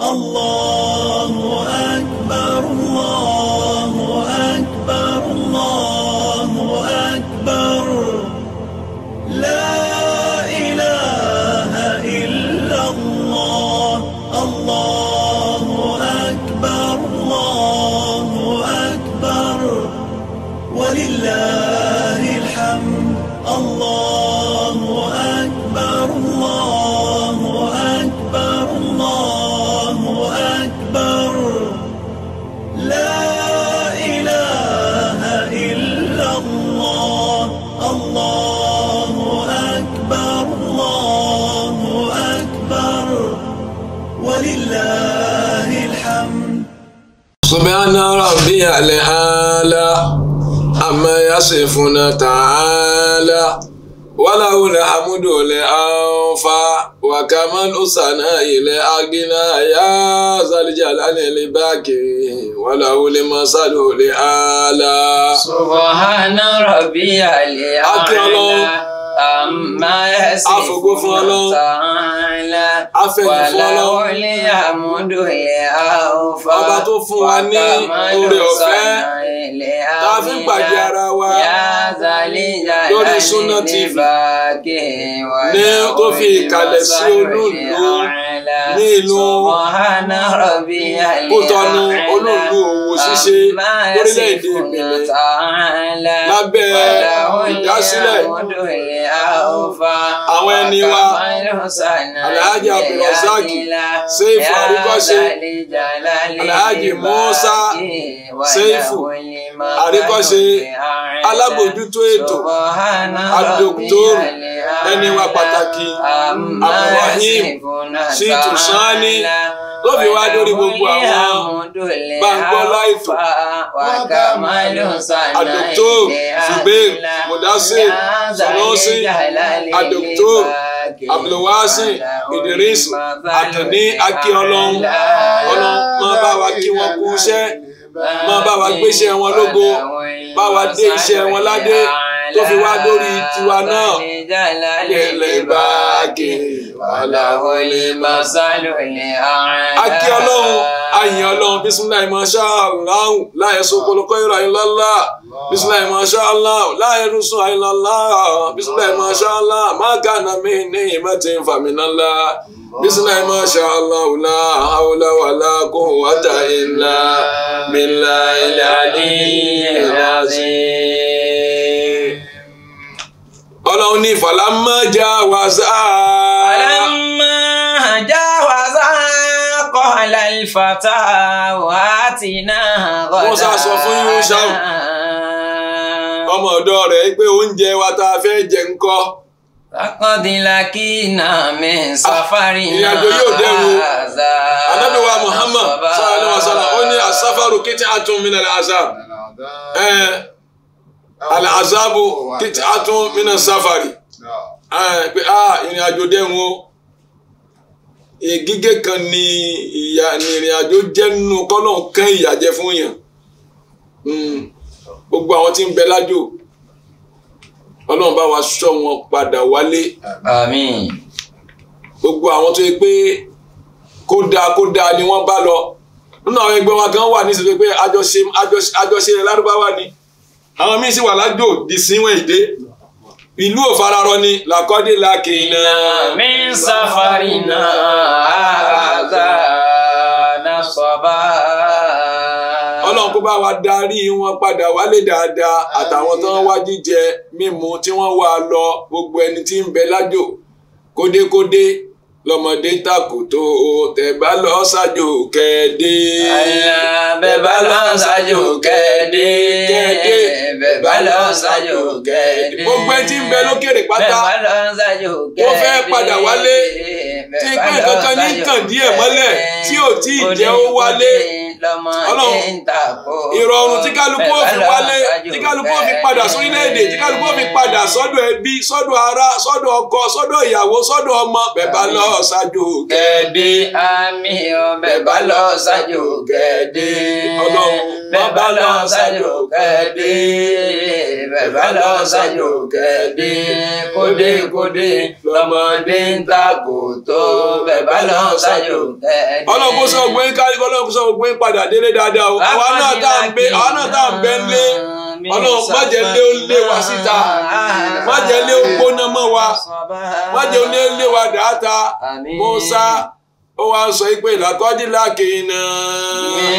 الله أكبر الآلة أما يصفون تعالى وله الحمد لأنفى وكمال الثناء لأغنى يا ذا الجلال لباكي وله المثل لأعلى سبحان ربي الأعلى Afọ̀gbó fún Ọba tó fún wa ní oore ọ̀fẹ́. Tá a fi ń pàdé ara wa lórí Sunna TV. Ní tó fi ìkàlẹ̀ sí olú ìlú nílùú Kútọ́nù olóòlù òwò ṣíṣe lórílẹ̀‐èdè Bẹ̀nẹ̀ lábẹ́ ìdásílẹ̀ àwọn ẹni wa Alhaji Abdulrasaki Seifu Arikọ́ṣe Alhaji Musa Seifu Arikọ́ṣe alábòjútó ètò Abdulkutor ẹni wa pàtàkì àmọ̀wáhìm sí tùsánni tó fi wá lórí gbogbo àwọn gbàngbọ́lá ètò àdòktó Zubair Mudasir Sanusi àdòktó abdulwasi Idris Àtàní akíọlọ́hún ọlọ́hún máa bá wa kí wọ́n kú iṣẹ́ máa bá wa gbéṣẹ́ wọn lógo bá wa dé iṣẹ́ wọn ládé tó fi wá lórí tiwa náà. Lẹ́lẹ́ bá gé aláwọ̀ lè máa sálò lè àárín. A kí ọlọ́run, a yìn ọlọ́run, láyé sokolokọ́ ìrọ̀ àyínlọ́lá. Bísúnláì máa ṣá àlá láyé rúṣun àyínlọ́lá. Bísúnláì máa ṣá àlá mí ní ìmọ̀tí ìfàmìnàlá. Bismillahi ma sha Allah la hawla wa la quwwata illa billahi al-aliyyil ọlọ́run ní falamma jawaza. falamma jawaza qala al-fata wàtínà gọ́dà. musa sọ fún yusa ọmọ ọ̀dọ̀ rẹ̀ pé oúnjẹ wa tá fẹ́ jẹ ńkọ́. Akọ́dínlákì náà mi ah, sáfárì náà. Ìrìnàjò yóò dẹ́rù. Ànábì Muhammad sallallahu alaihi wasallam ó ní asáfárù kìtì àtúnmí náà azab alahazabu títí atún mínà sáfàrì pe a ìrìn àjò dẹ́hùn o gígé kan ni ìyà ni ìrìn àjò jẹ́ nínú kọ́nà kán ìyà jẹ fún yàn hmm. gbogbo àwọn tí ń bẹ lájò ọlọ́run bá wa sọ wọn padà wálé àmín gbogbo àwọn tó yẹ pé kódà kódà ni wọ́n bá lọ nínú àwọn ẹgbẹ́ wọn kan wà ní ìsèpé pé àjọṣe àjọṣe lárúbáwá ni àwọn míín sì wà lájò di síwọ̀n èdè ìlú òfararọ ni làkọ́dé làkìnà. mi ń sáfárì náà àgbà náà sọ́bà. ọlọ́run kó bá wa darí wọn padà wálé dáadáa àtàwọn tó ń wá jíjẹ mímu tí wọ́n wá lọ gbogbo ẹni tí ń bẹ lájò kódékódé lọmọdé takoto tẹ̀bá lọ ṣáájú kẹ́ẹ̀dé. àyà bẹ́ẹ̀ bá lọ ṣáájú kẹ́ẹ̀dé. kẹ́ẹ̀dé bẹ́ẹ̀ bá lọ ṣáájú kẹ́ẹ̀dé. gbogbo ẹtí ń bẹ lókèrè pátá tó fẹ́ padà wálé tí pé nǹkan ní kàn díẹ̀ mọ́lẹ̀ tí ò tí ì jẹ́ ó wálé lọ́mọ ẹ̀ ń tà kó. ìrọ̀rùn tí kálukú òfin wálé tí kálukú òfin padà sórílẹ̀-èdè tí kálukú òfin padà sọ́dọ̀ ẹbí sọ́dọ̀ ará sọ́dọ̀ ọkọ sọ́dọ̀ ìyàwó sọ́dọ̀ ọmọ bẹ̀bá lọ ṣáájú gẹ̀ẹ́dẹ́. àmì ọ bẹ̀bá lọ ṣáájú gẹ̀ẹ́dẹ́. bẹ̀bá lọ ṣáájú gẹ̀ẹ́dẹ́. bẹ̀bá lọ ṣáájú gẹ̀ẹ́dẹ́. kódé kódé lọmọdé ń ta kò tó bẹ̀bá lọ ṣáájú gẹ̀ẹ́dẹ́. ọlọ́kùnrin sọ gbé padà délé dáadáa o àwa náà tá à ń gbé àwa náà tá à ń bẹ́ ń lé lé ó lé wa síta ah. má lé ó gbóná mọ́ wa má lé ó lé wa dáta mọ́sá ó wá sọ pé ìlàkọ́jú lákìnnà. mi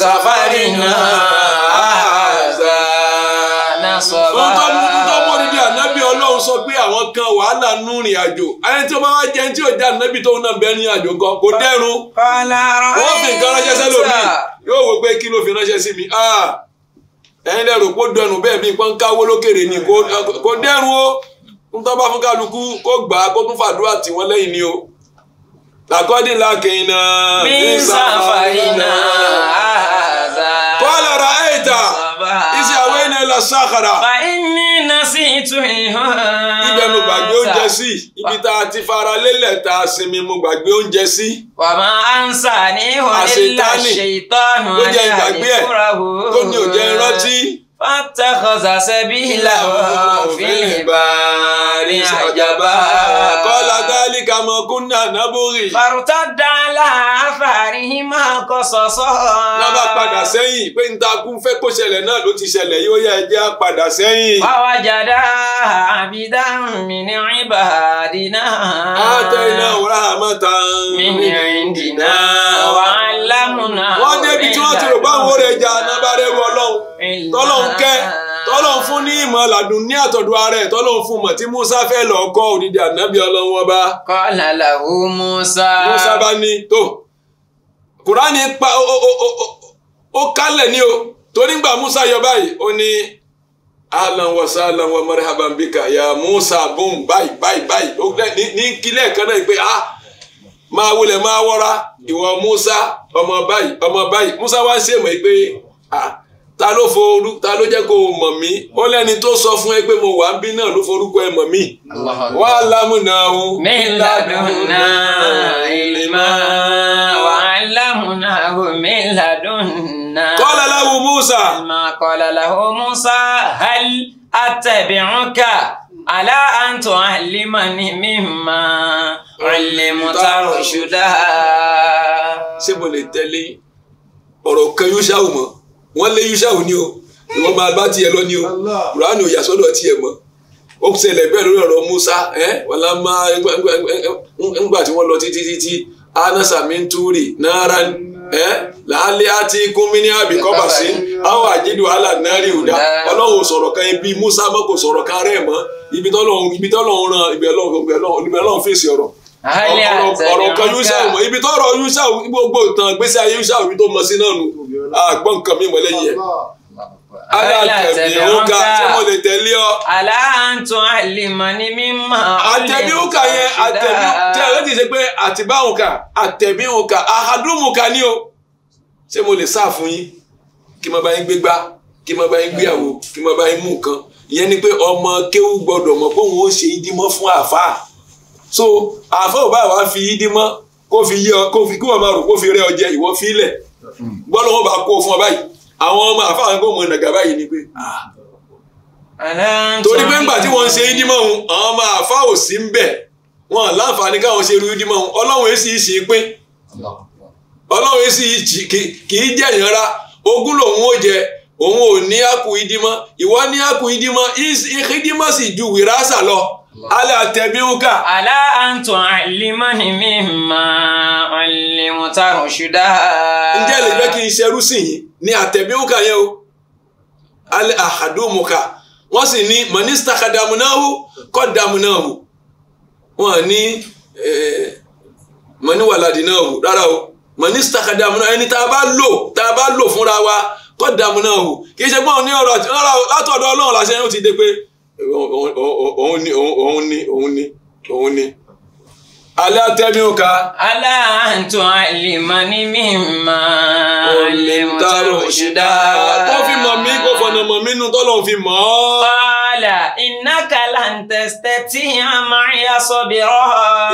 sàfárì náà àzà náà sọ̀rọ̀ sọ pé àwọn kan wàhálà nù rìn àjò ayé tí ó bá wá jẹ tí ò já nábì tóun náà bẹ ní àjò kan kò dẹrùn wọ́n fi nǹkan ránṣẹ́ sẹ́lòmí yóò wò pé kí ló fi ránṣẹ́ sí mi ẹ̀yin lẹ́rù kó dẹnu bẹ́ẹ̀ bí pọ́n káwó lókèrè ni kò dẹrùn o ntọ́ bá fún kálukú kó gbà á kó tún fàdúrà tì wọ́n lẹ́yìn ni o làkọ́dínláàkìn náà bí sáfà yìí náà. sàkàrà. fa inni nasitu ìhàn. ibẹ̀ mo gbàgbé oúnjẹ sí ibi tá a ti fara lélẹ̀ tá a sinmi mo gbàgbé oúnjẹ sí. wàmà ansa ní ìhòòlélà ṣe ìtọ́nù alẹ́ àdìkúràwò. tó ní òjẹ́ rántí. fàtàkọ̀sà sẹ́bí làwọn òfin ìbáraẹni àjàbá. kọ́lá dálí kàmọ́kúnnà nábórì. fàrùtà d sọ́sọ́. lábà padà sẹ́yìn pé n ta kún fẹ́ kó ṣẹlẹ̀ náà ló ti ṣẹlẹ̀ yóò yẹ ẹjẹ́ á padà sẹ́yìn. wàá jàdá àbídá mi ní ìbàdínà. àtẹ iná òwúrọ̀ àmọ́ta. mi ní ìdìnnà wà á lámùnà. wọ́n débi tí wọ́n ti rò bá àwọn ọ̀rẹ́ ẹja náà bá rẹ́wọ́ ọlọ́run tọ́lọ́run kẹ́ tọ́lọ́run fún ní ìmọ̀ ní àtọ̀dọ̀ ara ẹ̀ tọ́lọ́run fún mọ̀ tí Musa fẹ́ lọ kọ́ òdìdí ànábì ọlọ́run ọba. kọ́ làlàó Musa. Musa bá ní tó kùránì pa ó kálẹ̀ ní o torí musa yọ báyìí ó ní ahlan wa sahlan wa bika ya musa boom báyìí báyìí báyìí ní kílẹ̀ kan náà pé ah máa wulẹ̀ máa ìwọ musa ọmọ báyìí ọmọ báyìí musa wá sí èmọ̀ pé ah ta ló forú ta ló jẹ́ o mọ̀ mí ó sọ fún ẹ pé mo wà bí náà ló forúkọ ẹ mọ̀ mí. wàá lámùnà mi ladùn allamnahu min ladunna. Qala lahu Musa. Ma qala lahu Musa hal attabi'uka ala an tu'allimani mimma 'allamta rushda. Ṣé mo lè tẹ̀lé ọ̀rọ̀ kan Yúṣàù mọ́? Wọ́n lé Yúṣàù ní o. Ìwọ́n máa bá tiẹ̀ lọ ní o. Kùránù ò yà sọ́dọ̀ tiẹ̀ mọ́ ó ṣẹlẹ̀ bẹ́ẹ̀ lórí ọ̀rọ̀ Musa ẹ̀ wọ́n lá máa ń gbà tí wọ́n lọ títí títí anasa mi túrì náírà làálẹ́ ati gómìnì àbíkọ́bà si awa ajidu ala nari uda ọlọ́run sɔrɔ kan ibi musa mọ́ kò sọ̀rọ̀ kan rẹ̀ mọ́ ibi tọ́lọ́run ibi tọ́lọ́run ran ibi ọlọ́run fèsì ọ̀rọ̀ ọ̀rọ̀ kan yúṣàwù ma ibi tọ́rọ̀ yúṣàwù gbogbo tan gbese ayé yúṣàwù ibi tó mọ sí náà nù kan alátẹ̀mí òkà ṣé mo lè tẹ̀lé ọ. aláǹtún àlìmọ́ ni mímọ́. àtẹ̀mí òkà yẹn àtẹ̀mí tí àwọn ti ṣe pé àtìbá òkà àtẹ̀mí òkà àhàdùmùkà ni o ṣé mo lè sá fún yín kí mo bá yín gbé gbá kí mo bá yín gbéyàwó kí mo bá yín mú nǹkan ìyẹn ni pé ọmọ kéwú gbọ́dọ̀ mọ̀ pé òun ó ṣe ìdímọ́ fún àáfàá so àáfàá ò bá wàá fi ìdímọ́ kó fi yé ọ kó fi kí wọn máa rò kó fi rẹ ọ jẹ ìwọ fi ilẹ̀ gbọ́dọ̀ hmm. wọn bá kó fún ọ báyìí àwọn ọmọ àfáà kò mọ nàgà báyìí ni pé torí pé ńgbà tí wọ́n ń ṣe ídímọ̀ ọ̀hún àwọn ọmọ àfáà ò sí ń bẹ̀ wọn láǹfààní káwọn ṣe irú ídímọ̀ ọ̀hún ọlọ́run èsì ìṣe pín ọlọ́run èsì kì í jẹ́ ìyanra ogún lòun ó jẹ òun ò ní àkú ìdímọ̀ ìwọ ní àkú ìdímọ̀ ìdímọ̀ sì ju wìrásà lọ ala tẹbiuka. ala anto alimani mi ma alimuta rusuda. ǹjẹ́ lè jẹ́ kí n ṣerú sí yìí ní àtẹ̀bíuka yẹn o ali ahadumuka wọ́n sì ní mọ̀nísítà kadamunahu kọ́ damunahu wọ́n ní eh, mọ̀níwàládìnahu rárá o mọ̀nísítà kadamunahu ẹni tá a bá lò tá a bá lò fúnra wa kọ́ damunahu kì í ṣe gbọ́n ní ọ̀rọ̀ látọ̀dọ̀ ọlọ́run làṣẹ yóò ti dé pé òun ni òun ni òun ni òun ni. Alẹ́ àtẹ́mi ò ká. Aláàtò àlèmọ́ ní mímọ́. Olè ń tarò ṣẹ̀dá. Tó fi mọ̀ mí kó fọ̀nà mọ̀ mí nù tọ́lọ̀ fi mọ̀ ọ́. Bọ́ọ̀là innaka lan tastati'a ma'iya sabira.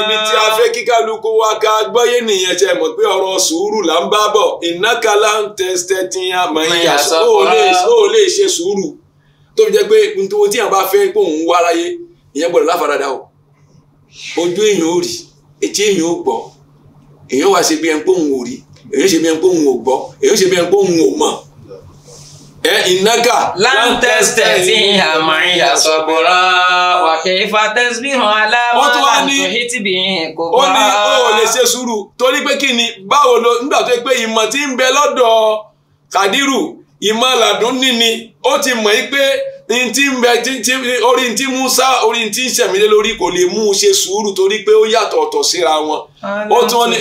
Ibi tí a fẹ́ kí kálukú wa ká gbọ́yé nìyẹn ṣe mọ̀ pé ọ̀rọ̀ sùúrù là ń bá bọ̀. Innaka lan tastati'a ma'iya sabira. O lè ṣe sùúrù tó fi jẹ́ pé ntòwó tí yàn bá fẹ́ pé òun wá láyé ìyẹn gbọ́dọ̀ láfaradà o ojú èèyàn ò rí etí èèyàn ò gbọ́ èèyàn wá ṣe bí ẹn pé òun ò rí èèyàn ṣe bí ẹn pé òun ò gbọ́ èèyàn ṣe bí ẹn pé òun ò mọ̀ ẹ ìnáka. láńtẹ́sítẹ̀ tí àmọ́ ìyá sọ̀gbọ̀rọ̀ wàkẹ́ ifá tẹ́sí hàn aláwọ̀ àtúntò hìtìbì kò bá. ó ní ó lè ṣe sùúrù torí pé kí ni báwo ló nígbà tó pé ìmọ̀ tí ń bẹ lọ́dọ̀ Kàdírù ìmọ̀làdún níní ó ti mọ̀ yí pé ntí ń bẹ orí ntí Musa orí ntí ń sẹ̀mílẹ̀ lórí kò lè mú un ṣe sùúrù torí pé ó yàtọ̀ ọ̀tọ̀ síra wọn. ó tún wọn ní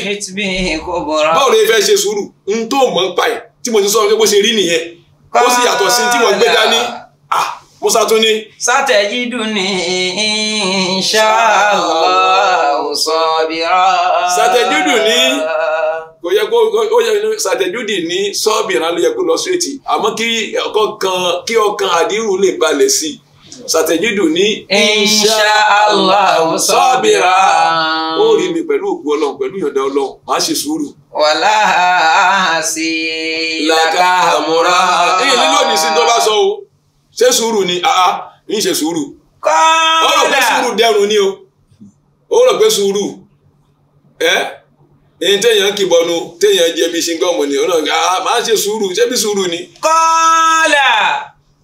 báwo lè fẹ́ ṣe sùúrù n tó mọ̀ ń pa ẹ̀ tí mo ti sọ pé bó ṣe rí nìyẹn ó sì yàtọ̀ sí tí mo gbé dání musa tún ní. sátẹ̀jídùnì insha Allah sabira. sátẹ̀jídùnì kò yẹ kó ó yẹ sàtẹ̀júdì ní sọ́ọ̀bìrán ló yẹ kó lọ sírètì àmọ́ kí ọkàn kí ọkàn àdírù lè balẹ̀ sí i sàtẹ̀júdù ní. insha Allah sọ́ọ̀bìrá. ó rí mi pẹ̀lú òkú ọlọ́run pẹ̀lú ìyọ̀dá ọlọ́run màá ṣe sùúrù. wàlá sí i. làkà àmúra. èyí nílò ní tó bá sọ o ṣé sùúrù ni àá ah, ń ah, ṣe sùúrù ó rò pé sùúrù dẹrùn ni o ó rò pé sùúrù ẹ ẹni téèyàn kì bọnu téèyàn jẹbi ṣingọmù ni ó náà ah, máa ṣe sùúrù ṣé bí sùúrù ni. kọ́ọ̀là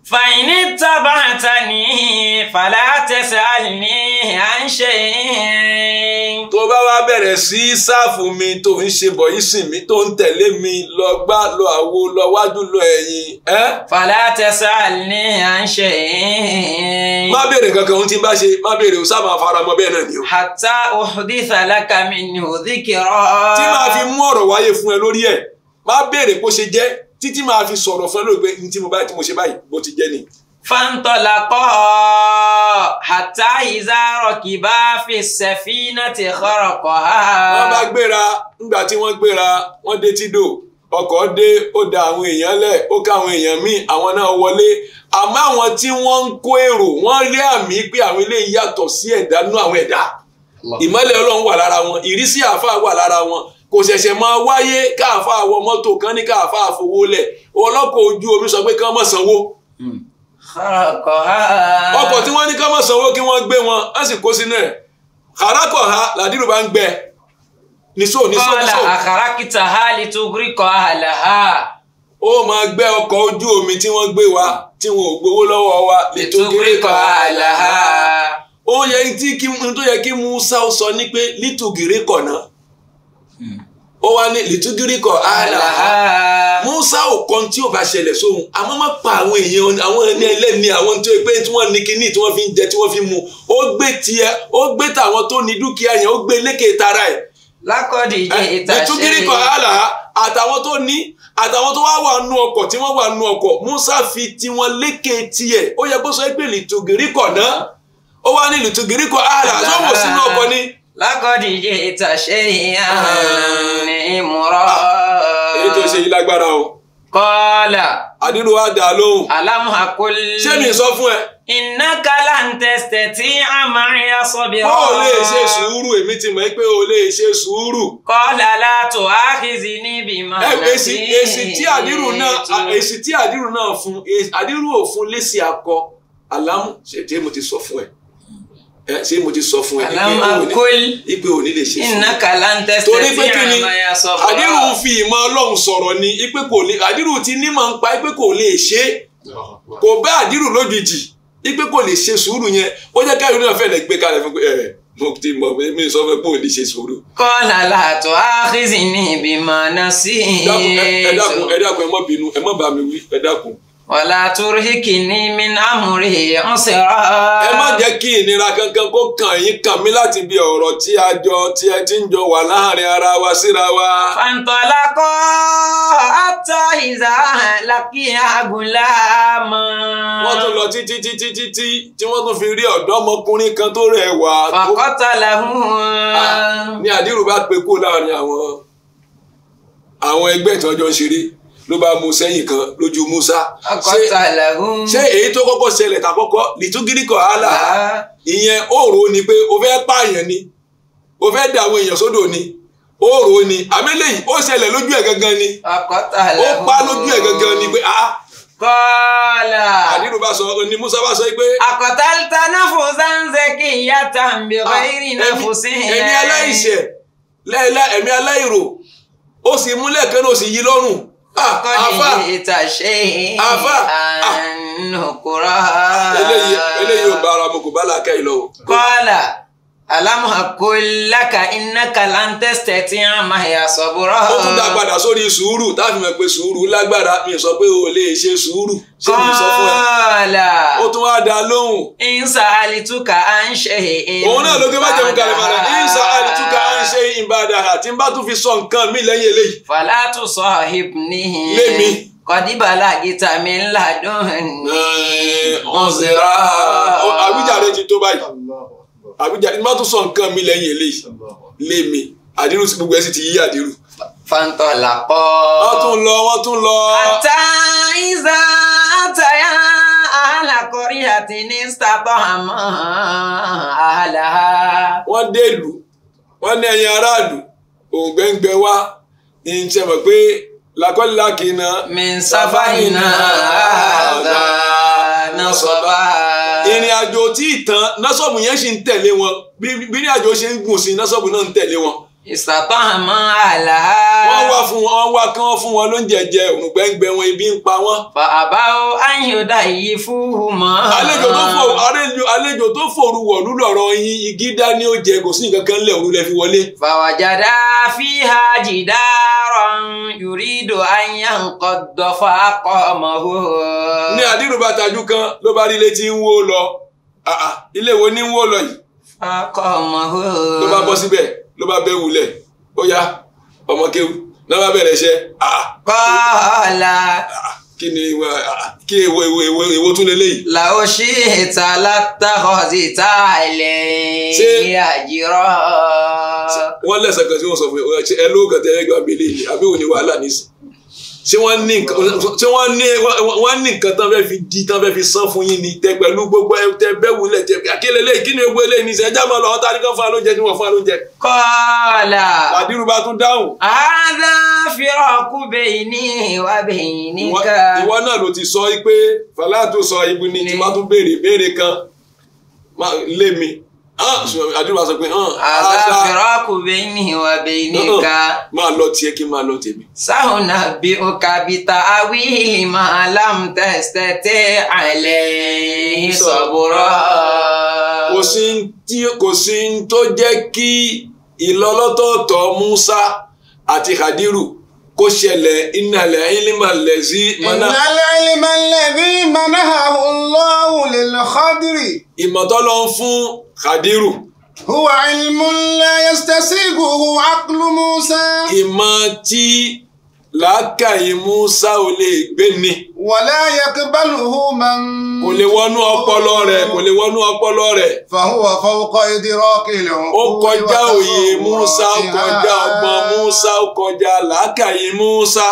fàyínì tábàtà ní fàlàtẹ̀sẹ̀ àlìní à ń ṣe tó bá wá bẹ̀rẹ̀ sí í sáàfù mi tó ń ṣe bọ̀ yìí sìn mí tó ń tẹ̀lé mi lọ gbá lọ àwo lọ wájú lọ ẹ̀yìn. fàlàtẹ̀sẹ̀ àlìní à ń ṣe. má béèrè kankan ohun tí n bá ṣe má béèrè o sábà fara mọ́ bẹ́ẹ̀ náà ni o. hatta uhditha laka minhu dhikra. tí màá fi mú ọ̀rọ̀ wáyé fún ẹ lórí ẹ̀ má béèrè bó ṣe jẹ́ títí máa fi sọ̀rọ̀ fún ẹ lóògbé ní tí mo bá tí mo ṣe báyìí bó ti jẹ́ ni. fáńtọ́lá kọ́ ọ àtà ìzárọ̀ kì fi sẹ̀fínà ti kọ́rọ̀ kọ́ ha. wọ́n bá gbéra ńgbà tí wọ́n gbéra wọ́n dé tídò ọkọ̀ dé ó da àwọn èèyàn lẹ̀ ó ká àwọn èèyàn míì àwọn náà wọlé àmọ́ àwọn tí wọ́n ń kó èrò wọ́n rí àmì pé àwọn ilé yàtọ̀ sí ẹ̀dá nú àwọn ẹ̀dá ìmọ́lẹ̀ ọlọ́run wà lára wọn ìrísí àáfàá wà lára wọn kò ṣẹ̀ṣẹ̀ máa wáyé káàfà wọ mọ́tò kan ní káàfà fowó lẹ̀ ọlọ́kọ̀ ojú omi sọ pé kán mọ̀ sanwó. Hmm. ọkọ̀ tí wọ́n ní kán mọ̀ sanwó kí wọ́n gbé wọn á sì kó sínú ẹ̀ àràkọ̀ ha làdìrú bá ń gbẹ nìṣó nìṣó nìṣó. kọ́lá àkàràkìtà ha lè tó àlà ha. ó máa gbẹ́ ọkọ̀ ojú omi tí wọ́n gbé wa tí wọn ò gbowó lọ́wọ́ wa lè tó gírí kọ́ àlà ha. ó yẹ kí n tó yẹ kí Musa sọ ní pé lítùgìrì kọ̀nà ó wá ní lìtúgíríkọ̀ àlàá Musa ò kan tí ò bá ṣẹlẹ̀ sóhun àmọ́ má pa àwọn èèyàn àwọn ẹni ẹlẹ́ni àwọn tó pé tí wọ́n ní kinní tí wọ́n fi ń jẹ tí wọ́n fi ń mu ó gbé tiẹ̀ ó gbé tàwọn tó ní dúkìá yẹn ó gbé lékè tara ẹ̀. lákọ̀dì yìí ìta ṣe é lìtúgíríkọ̀ àlàá àtàwọn tó ní àtàwọn tó wá wà nú ọkọ̀ tí wọ́n wà nú ọkọ̀ Musa fi tiwọn lékè tiẹ̀ ó yẹ kó sọ pé lìtúgíríkọ̀ náà ó wá ní lìtúgíríkọ̀ àlàá tó wò sínú ọkọ̀ ni. lákọ̀dí ihe ṣe ìmúrọ̀. èyí tó ṣe yìí lágbára o. kọ́lá. àdínú wa dà lóhùn. alámùhàkólé. ṣé mi sọ fún ẹ. iná kálá ń tẹ̀sẹ̀ tí a máa ń yá sọ́bi ọ́. ó lè ṣe sùúrù èmi ti mọ̀ pé o lè ṣe sùúrù. látò níbi èsì tí àdínú náà èsì tí àdínú náà fún ti sọ fún ṣé mo ti sọ fún ẹ ipe òní lè ṣe fún mi torí pé kí ni àdírù fi ìmọ̀ ọlọ́run sọ̀rọ̀ ni ipe kò lè àdírù ti nímọ̀ ń pa ipe kò lè ṣe kò bá àdírù lójijì ipe kò lè ṣe sùúrù yẹn ó jẹ́ káyọ̀ náà fẹ́ẹ́ gbé kalẹ̀ fún ẹ mo ti mọ mi sọ fún ẹ pé lè ṣe sùúrù. kọ́lá làtọ̀ ákísì ní ìbímọ náà sí i. ẹ dákun ẹ dákun ẹ má bínú ẹ má bá mi wí ẹ dákun wàlá toríkì ní mínàmúrì ọ̀sẹ̀ rà. ẹ má jẹ́ kí ìnira kankan kó kàn yín kàn mí láti bí ọ̀rọ̀ tí a jọ tí ẹ ti ń jọ wà láàrin ara wa síra wa. fàǹtọ́lá kọ́ àtà ìzà lápí àgùnlá mọ́. wọ́n tún lọ títí títí títí tí wọ́n tún fi rí ọ̀dọ́mọkùnrin kan tó rẹwà. fàkọ́tà làwọn. ní àdírù bá pe kó láàrin àwọn àwọn ẹgbẹ́ ìtọ́jọ́ ń ṣeré ló bá mú sẹ́yìn kan lójú Musa. ṣé èyí tó kọ́kọ́ ṣẹlẹ̀ tàkọ́kọ́ lìtúgíríkọ̀ àlà ah. ìyẹn òòrò ni pé o fẹ́ pààyàn ni o fẹ́ da àwọn èèyàn sódò ni òòrò ni àmẹ́lẹ́yìn ó ṣẹlẹ̀ lójú ẹ̀ gangan ni ó pa lójú ẹ̀ gangan ni pé a ah. kọ́ọ̀lá. àdínú bá sọ ni Musa bá sọ pé. àkọ́tà ta náà fún sáńsẹ̀ kí ìyá ta ń bẹ kọ́ìrì náà fún sí ìyá rẹ̀. ẹ̀mí aláìṣẹ̀ lẹ́ẹ̀lá ẹ̀mí aláìrò ó sì múlẹ̀ kẹ́nu ó sì yí lọ́rùn àfa àfa ànukura. eléyìí ò bá ara mu kò bá làákẹ́ yìí lọ. kọ́lá alam aqul laka innaka lan tastati'a ma'iya sabra. ó tún dá padà sórí sùúrù táfi mọ̀ pé sùúrù lágbára mi sọ pé o lè ṣe sùúrù ṣé mi sọ fún ẹ. kọ́ọ̀là ó tún wá dá lóhùn. in sa'altuka an shay'in. òun náà ló gbé bàjẹ́ mú kalẹ̀ padà in sa'altuka an shay'in ba'daha tí n bá tún fi sọ nǹkan mi lẹ́yìn eléyìí. fala tusahibni. lémi kọdíbàlà gita mi ńlá dùn ọ̀sẹ̀ rà àwíjàre ti tó báyìí àbújá ní má tún sọ nǹkan mi lẹ́yìn eléyìí lé àdírù sí gbogbo ẹ̀ sì ti yí àdírù. fanta làpọ̀. wọ́n tún lọ wọ́n tún lọ. àtà ìzà àtàyà alákọ̀rí àti ní sátọ̀ àmọ́ àlà. wọ́n dé ìlú wọ́n ní ẹ̀yin aráàlú òǹgbẹ́ngbẹ́ wá ní ìṣẹ̀mọ̀ pé làkọ́lá kìí na. mi ń sáfà yìí náà. àjò tí ìtàn násọ̀bù yẹn ṣì ń tẹ̀lé wọn bí ní àjò ṣe ń gùn sí násọ̀bù náà ń tẹ̀lé wọn. ìsàtàmọ́ àlá. wọ́n wá fún wọn wá kí wọ́n fún wọn lóúnjẹ jẹ òrùngbẹ́ngbẹ́ wọn ibi ń pa wọ́n. fa àbáwo ayọ̀dá yìí fúru mọ́. àlejò tó fò àlejò àlejò tó fòru wọ̀lú lọ̀rọ̀ yín igi dá ní ó jẹ kò sí nǹkan kan lẹ̀ òru lẹ fi wọlé. fàwàjàdá fíhà jìdá yùrídò ayáǹkọ̀dọ̀fà kọ́ ọmọ hó. ní àdìrúbàtàjú kan ló bá rí létí ń wó lọ Ah, ah, ilé wo ni ń wó lọ yìí. ọkọ ọmọ o. ló bá bọ́ síbẹ̀ ló bá bẹ́ wulẹ̀ ó yá ọmọ kéwù náà bá bẹ̀rẹ̀ iṣẹ́. Ah, kọ́ọ̀lá. kí ni kí ewo ewo ewo ewo tún lè léyìí. làwọn ṣí ìta látàkọ sí ìta ilẹ̀ ìyàjírọ̀. wọ́n lẹ̀sẹ̀ kan tí wọ́n sọ fún ẹ ẹ lóògùn tẹ́lẹ̀ gbàgbé lè yìí àbí òní wàhálà nísìn ṣé wọ́n ní nǹkan tán fẹ́ẹ́ fi di tán fẹ́ẹ́ fi san fún yín ni tẹ pẹ̀lú gbogbo tẹ bẹ́wù lẹ̀ tẹ akélélé kí ni gbogbo eléyìí ní sẹ́ máa lọ ọ̀tá nìkan fún alóúnjẹ tí wọ́n fún alóúnjẹ. kọ́ọ̀là làdírù bá tún dáhùn. àádá fìrọ̀ kú bẹ́yìn ní ìwà bẹ́yìn níkà. ìwọ náà ló ti sọ pé fàlàtò sọ ibi ni tí má tún béèrè béèrè kan lé àdúrà ah, sọ pé hàn. àbá fìrọ́ọ̀kù bẹ́ẹ̀ ni wà bẹ́ẹ̀ ni ká. máa lọ tiẹ̀ kí n máa lọ tèmi. sáhùn náà o kà bí ta awíìlì máa lámù tẹ̀sítẹ̀ tẹ̀ àlẹ́ kò sí tí kò sí tó jẹ́ kí ìlọlọ́tọ̀ọ̀tọ̀ Musa àti kadiru kó ṣẹlẹ̀ ìnàlẹ̀ ayélujára lẹ̀ sí. ìnàlẹ̀ ayélujára lẹ̀ mọ́nà. ìnàlẹ̀ ayélujára Khadiri. ìmọ̀tọ́ lọ ń fún Khadiru. huwa ilmun la yastasigu aqlu Musa. ìmọ̀ tí làákàyè musa ò lè gbé ni. wàlẹ́ ayẹkẹ́ bálùhù máa ń. kò lè wọnú ọpọlọ rẹ̀ kò lè wọnú ọpọlọ rẹ̀. fàhùwà fọwọ́kọ ìdírọ́ kìlẹ̀ ọ̀hún. ó kọjá òye musa ó kọjá ọgbọ́n musa ó kọjá làákàyè musa.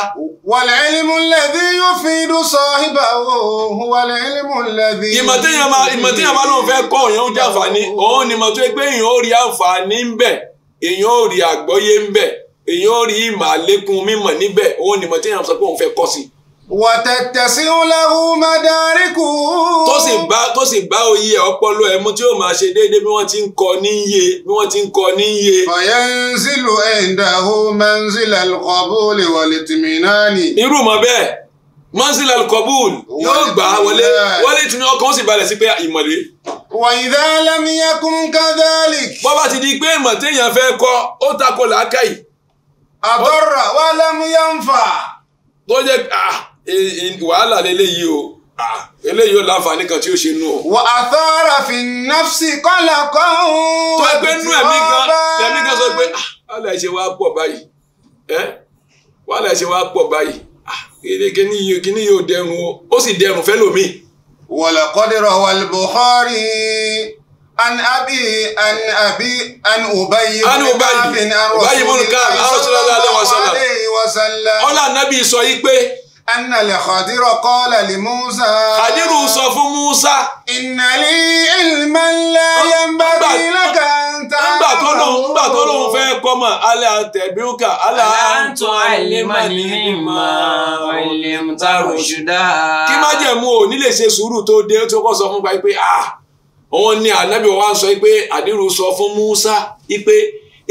wàlẹ́ ìlímù lẹ́dí yóò fi dùn sọ ibà o wàlẹ́ ìlímù lẹ́dí. ìmọ̀tẹ́yàn máa ìmọ̀tẹ́yàn máa fẹ́ kọ́ òyìn oúnjẹ àǹfààní òun ni mọ̀tẹ́ pé èèyàn ó rí àǹfààní ń bẹ̀ èèyàn ó rí àgbọ́yé ń bẹ̀ èèyàn rí ìmọ̀ àlékún mímọ̀ níbẹ̀ òun ni mo ti yàn sọ pé òun fẹ́ kọ́ sí. wọ̀tẹ̀tẹ̀ sí ń lẹ́hu mẹ́dárìkù. tó sì bá tó sì bá oyè ọpọlọ ẹ mú tí yóò máa ṣe déédéé bí wọ́n ti ń kọ níye bí wọ́n ti ń kọ níye. ọ̀yẹ́ ń sílò ẹ̀ǹdàhó mẹ́ńsílẹ̀ kọ́bùlì wọlé tìmí náà nì. irú mọ bẹ́ẹ̀ mọ́ńsílẹ̀ kọ́bùlì yóò gbà wọlé wọlé tìmí ọkàn sì balẹ̀ sí pé ìmọ̀lé. wọ̀nyí àtọ́ra wà lámúyánfà. tó jẹ́ ah, wàhálà lélẹ́yìí o ah, eléyìí ò láǹfààní kan tí ó ṣe nú o. wà á tọ́ra fi nọ́ọ̀sì kọ́là kan ó. tó ẹ pé nú ẹ̀mí kan ẹ̀mí kan sọ pé ah, wàhálà ìṣe wa pọ̀ báyìí wàhálà ìṣe wa pọ̀ báyìí kíní yóò dẹrùn o ó sì dẹrùn fẹ́ lómi. wọ̀lọ̀kọ́dẹ̀rọ̀ wàlúbọ̀kọ́rì. عن أبي عن أبي عن أبي عن أبي أبي بن كعب عن رسول الله صلى الله عليه وسلم قال النبي sọ yìí pé. أن الخضر قال لموسى خضر sọ fún Musa. إن لي علما لا ينبغي لك أن تعلمه. ńgbà tó lóun fẹ́ kọ́ mọ̀ alẹ́ àtẹ̀bíúkà alẹ́ àtọ̀ àìlèmọ̀lì mímọ́ ìlèmùtà ròṣùdá. kí má jẹ̀mú ò ní lè ṣe sùúrù tó dé tó kọ́ sọ fún pa pé ah. òun ni ànábì wa sọ pé àdírù sọ fún Musa pé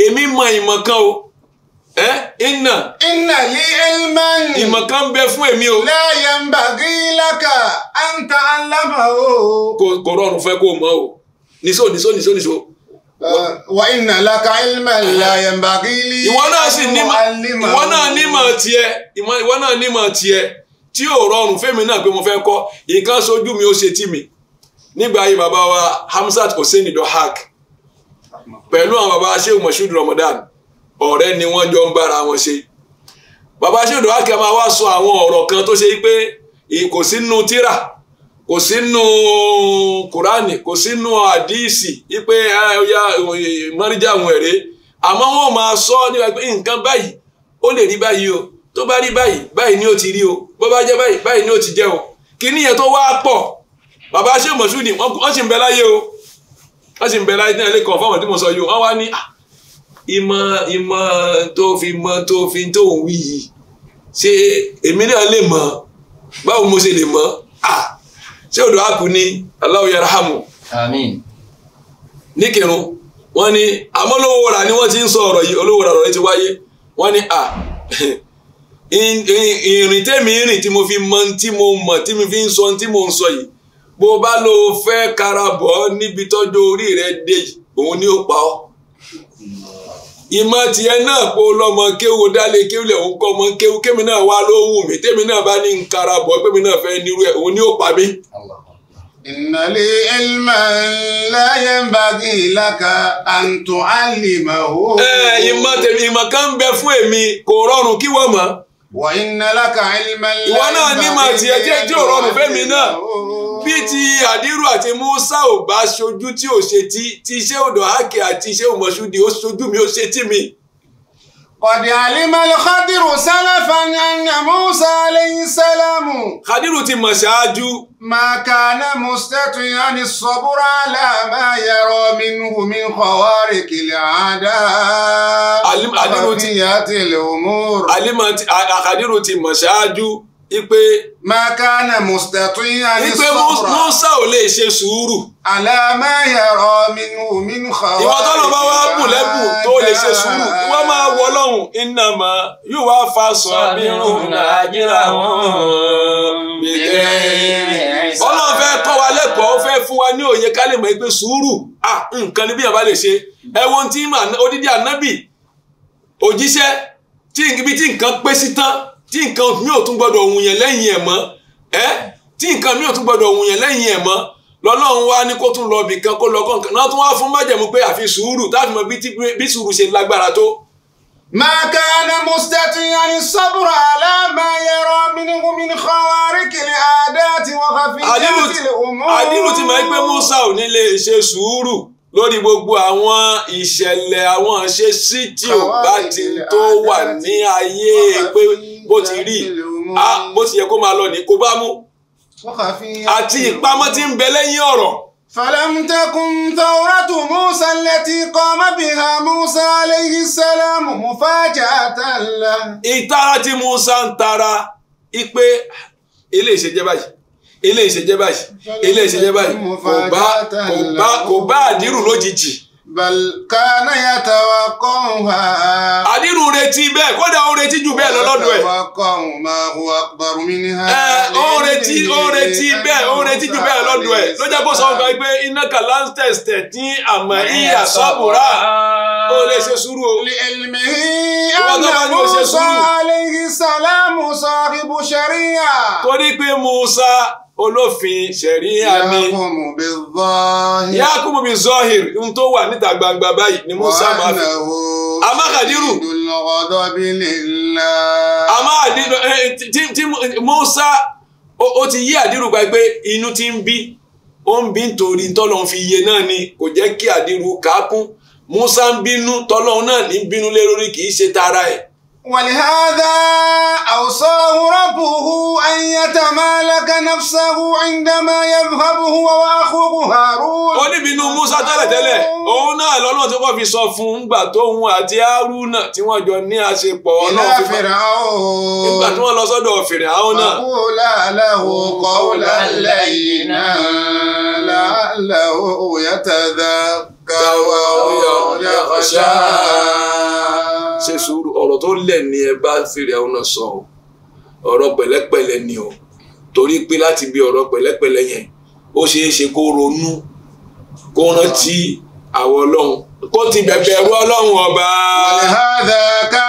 èmi mọ ìmọ̀ o ẹ iná. iná lé elman. ìmọ̀ bẹ fún èmi o. láyé ń bà kí lákà á ń ta o. kò rọrùn fẹ kó o mọ̀ wà iná wa inna laka ilma la yanbaghi li ìwọ náà sì ní ìwọ náà nímọ̀ tiẹ̀ ìwọ náà tí rọrùn náà mi nígbà ayé bàbá wa Hamzat Hussein Dohak pẹ̀lú àwọn bàbá Sheikh Moshood Ramadan ọ̀rẹ́ ni wọ́n jọ ń bára wọn ṣe bàbá Sheikh Dohak máa wá sọ àwọn ọ̀rọ̀ kan tó ṣe pé kò sínú tíra kò sínú kùránì kò sínú àdíìsì wípé ọya mọ́ríjà àwọn èrè àmọ́ wọ́n máa sọ nípa pé nǹkan báyìí ó lè rí báyìí o tó bá rí báyìí báyìí ni ó ti rí o bó bá jẹ́ báyìí báyìí ni ó ti jẹ́ o kíní yẹn tó wá pọ̀ bàbá ṣé mọ̀ṣú ni wọ́n sì ń bẹ láyé o wọ́n sì ń bẹ láyé náà lè kàn fáwọn tí mo sọ yìí wọ́n wá ní ah, ìmọ̀ ìmọ̀ tó fi mọ̀ tó fi tó ń wí yìí ṣé èmi náà lè mọ̀ báwo mo ṣe lè mọ̀ ah, ṣé odò àkú ni Allahu yarhamu. àmín. níkẹrùn wọ́n ní àmọ́ olówó ra ni wọ́n ti ń sọ ọ̀rọ̀ yìí olówó ra ọ̀rọ̀ yìí ti wáyé wọ́n ní à ah, ìrìn tẹ́mi ìrìn tí mo fi mọ̀ tí mo mọ̀ tí mo fi ń sọ tí mo ń sọ yìí bó bá lọ fẹ́ karabọ̀ níbi tọ́jú orí rẹ dé òun ni ó pa ọ́ ìmọ̀ tiẹ̀ náà pé ọlọ́mọ kéwu dálé kéwu lẹ̀ ń kọ́ ọmọ kéwu kémi náà wá ló wù mí tèmi náà bá ní ni ó pa mí. ìnàlẹ́ ń bá kí ìlàkà àǹtọ̀ àlìmọ̀ ẹ ìmọ̀ tèmi fún èmi kò rọrùn kí wọ́n mọ̀. wà ìnàlákà ilmẹ̀ lẹ́yìn. ìwọ náà ní màá tiẹ̀ jẹ́ jí òrò ọ̀rùn fẹ́mi náà bí ti àdírù àti musa ò bá ṣojú tí ò ṣe ti ti iṣẹ́ odò hákẹ́ àti iṣẹ́ òmọ̀ṣúdi ó ṣojú mi ó ṣe tí mi. Kọ̀dì àlímọ̀lẹ̀ Khadiru sálàfà ní Musa alayhi salamu. Khadiru ti mọ̀ ṣáájú ما كان مستطيعا الصبر على ما يرى منه من خوارق العادة علم علم الأمور علم أقدر تمشاجو ipe. makana mustatiyan ní sọ́ra. ipe musa ò lè ṣe sùúrù. alama yàrá minú minú kàwá. ìwọ tó lọ bá wá bùn lẹ́bùn tó lè ṣe sùúrù wọ́n máa wọ ọlọ́run iná mọ́ yóò wá fa sọ abirùn nàìjíríà wọn. ọlọ́run fẹ́ tọ́ wa lẹ́kọ̀ọ́ fẹ́ fún wa ní òye ká lè mọ̀ pé sùúrù nǹkan ni bí yàrá lè ṣe ẹ̀wọ̀n tí odidi ànábì òjíṣẹ́ tí ibi tí nǹkan pé tán tí nǹkan mi ò tún gbọdọ̀ ohun yẹn lẹ́yìn ẹ̀ mọ́ ẹ́ tí nǹkan mi ò tún gbọdọ̀ ohun yẹn lẹ́yìn ẹ̀ mọ́ lọ́lọ́run wá ní kó tún lọ bì kan kó lọ kàn kan náà tún wá fún májẹ̀mú pé àfi sùúrù táàfin mọ bí sùúrù ṣe lágbára tó. máa ka ẹni mustati yanni sábúrò aláàmáyẹrọ mímíkúmíní kọ́wárí kìlì àdá tí wọ́n kà fi jẹ́ kìlì òmù. àdìrú ti máa ń pé Musa ò lè ṣe sùúrù lórí gbogbo àwọn ìṣẹ̀lẹ̀ àwọn ṣe sí ò bá ti tó wà ní ayé pé bó ti rí bó ti yẹ kó máa lọ ní kó bá mú àti ìpamọ́ tí ń bẹ lẹ́yìn ọ̀rọ̀. فلم تكن ثورة موسى التي قام بها موسى عليه السلام مفاجأة له. ìtara tí Musa ń tara ipe eléyìí ṣe jẹ́ báyìí eléyìí ṣe jẹ́ báyìí eléyìí ṣe báyìí kò bá kò bá àdírù lójijì. Bàlkánà yàtọ̀ wa kọ́hún ha. Àdírù retí bẹ́ẹ̀ kódà ó retí jù bẹ́ẹ̀ lọ́lọ́dọ̀ ẹ̀. Wa kọ́hún ma wa akbaru minha. Ẹ ó retí ó retí bẹ́ẹ̀ ó retí jù bẹ́ẹ̀ lọ́dọ̀ ẹ̀. Lọ́jà kó sọ fún mi pé iná kàlá ń tẹ̀sítẹ̀ tí àmọ́ ìyá sọ́bùrà. Ó lè ṣe sùúrù o. Lè èlmì àná Musa alayhi salamu sahibu Musa olófin ṣẹ̀rí àmì. yakubu bi zọ́hìr ohun tó wà níta gbangba báyìí ni musa máa fi. àmọ́ kàdírù. àmọ́ tí musa o ti yí àdírù pa pé inú ti ń bí ó ń bí nítorí tọ́lọ́ fi yé náà ni kò jẹ́ kí àdírù kákún musa ń bínú tọ́lọ́ náà ní bínú lé lórí kì í ṣe tara ẹ̀. ولهذا أوصاه ربه أن يتمالك نفسه عندما يذهب هو وأخوه هارون. ó níbi inú Musa tẹ́lẹ̀tẹ́lẹ̀ òun náà lọ́nà tí wọ́n fi sọ fún un gbà tóun àti Haruna tí wọ́n jọ ní àṣepọ̀ ọlọ́run fún un. nígbà tí wọ́n lọ sọ́dọ̀ Fìráúnà. فقولا له قولا لينا لعله يتذكر أو يخشى ṣe sùúrù ọ̀rọ̀ tó lẹ̀ ni ẹ bá fèrè àwọn náà sọ o ọ̀rọ̀ pẹ̀lẹ́pẹ̀lẹ́ ni o torí pé láti bí ọ̀rọ̀ pẹ̀lẹ́pẹ̀lẹ́ yẹn ó ṣeé ṣe kó ronú kó rántí àwọn ọlọ́run kó ti bẹ̀bẹ̀ ẹ̀rú ọlọ́run ọba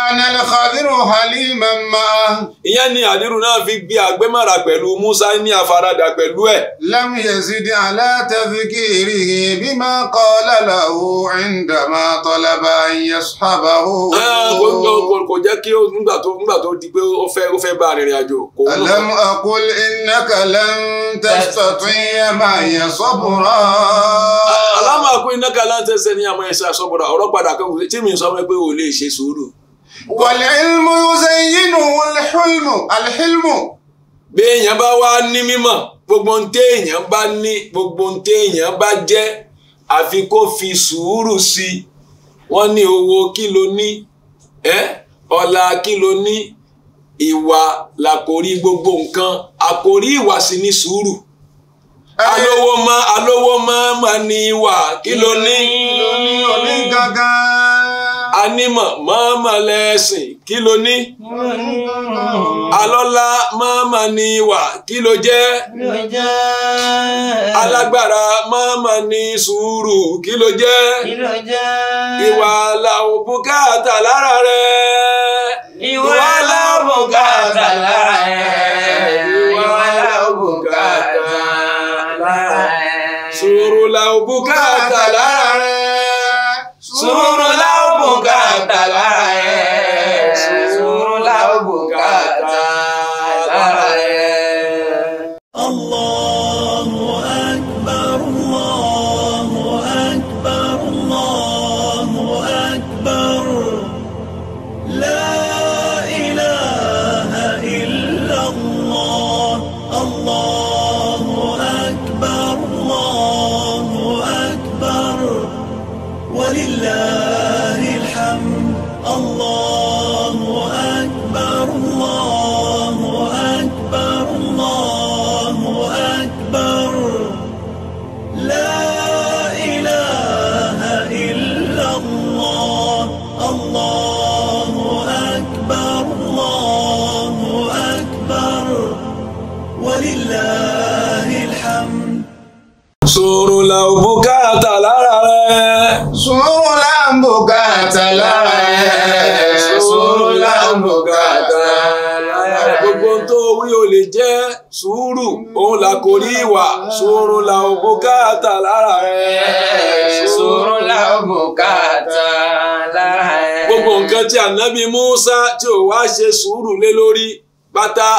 kana al-Khadiru haliman ma'ah. ìyẹn ni àdírù náà fi gbé àgbémọ̀ra pẹ̀lú Musa ní àfaradà pẹ̀lú ẹ̀. lam yazid ala tadhkirihi bima qala lahu indama talaba an yashabahu. kò jẹ́ kí ó nígbà tó nígbà tó di pé ó fẹ́ ó fẹ́ bá arìnrìn àjò. alam aqul innaka lan tastati'a ma'iya sabra. alam aqul innaka lan tastati'a ma'iya sabra ọ̀rọ̀ padà kẹ́kọ̀ọ́ tí mi sọ fún wàlẹ́ẹ̀lmù yuzayyinu wàlẹ́ẹ̀lmù alẹ́ẹ̀lmù. béèyàn bá wá ní mímọ̀ gbogbo ń téèyàn bá ní gbogbo ń téèyàn bá jẹ́ àfi kó fi sùúrù sí i wọ́n ní owó kí ló ní ẹ́ ọlá kí ló ní ìwà làkòrí gbogbo nǹkan àkòrí ìwà sì ní sùúrù alówó mọ alówó mọ mà ìwà kí ló ní. kí ló ní oní gángan anímọ̀ mọ́ọ́mọ́ lẹ́sìn kí ló ní. alọ́lá mọ́ọ́mọ́ ni ìwà kí ló jẹ́. alágbára mọ́ọ́mọ́ ni sùúrù kí ló jẹ́. ìwà làwọn bùkátà lára rẹ̀. ìwà làwọn bùkátà lára rẹ̀. ìwà làwọn bùkátà lára rẹ̀. sùúrù làwọn ti ànábì Musa tí ò wá ṣe sùúrù lé lórí pátá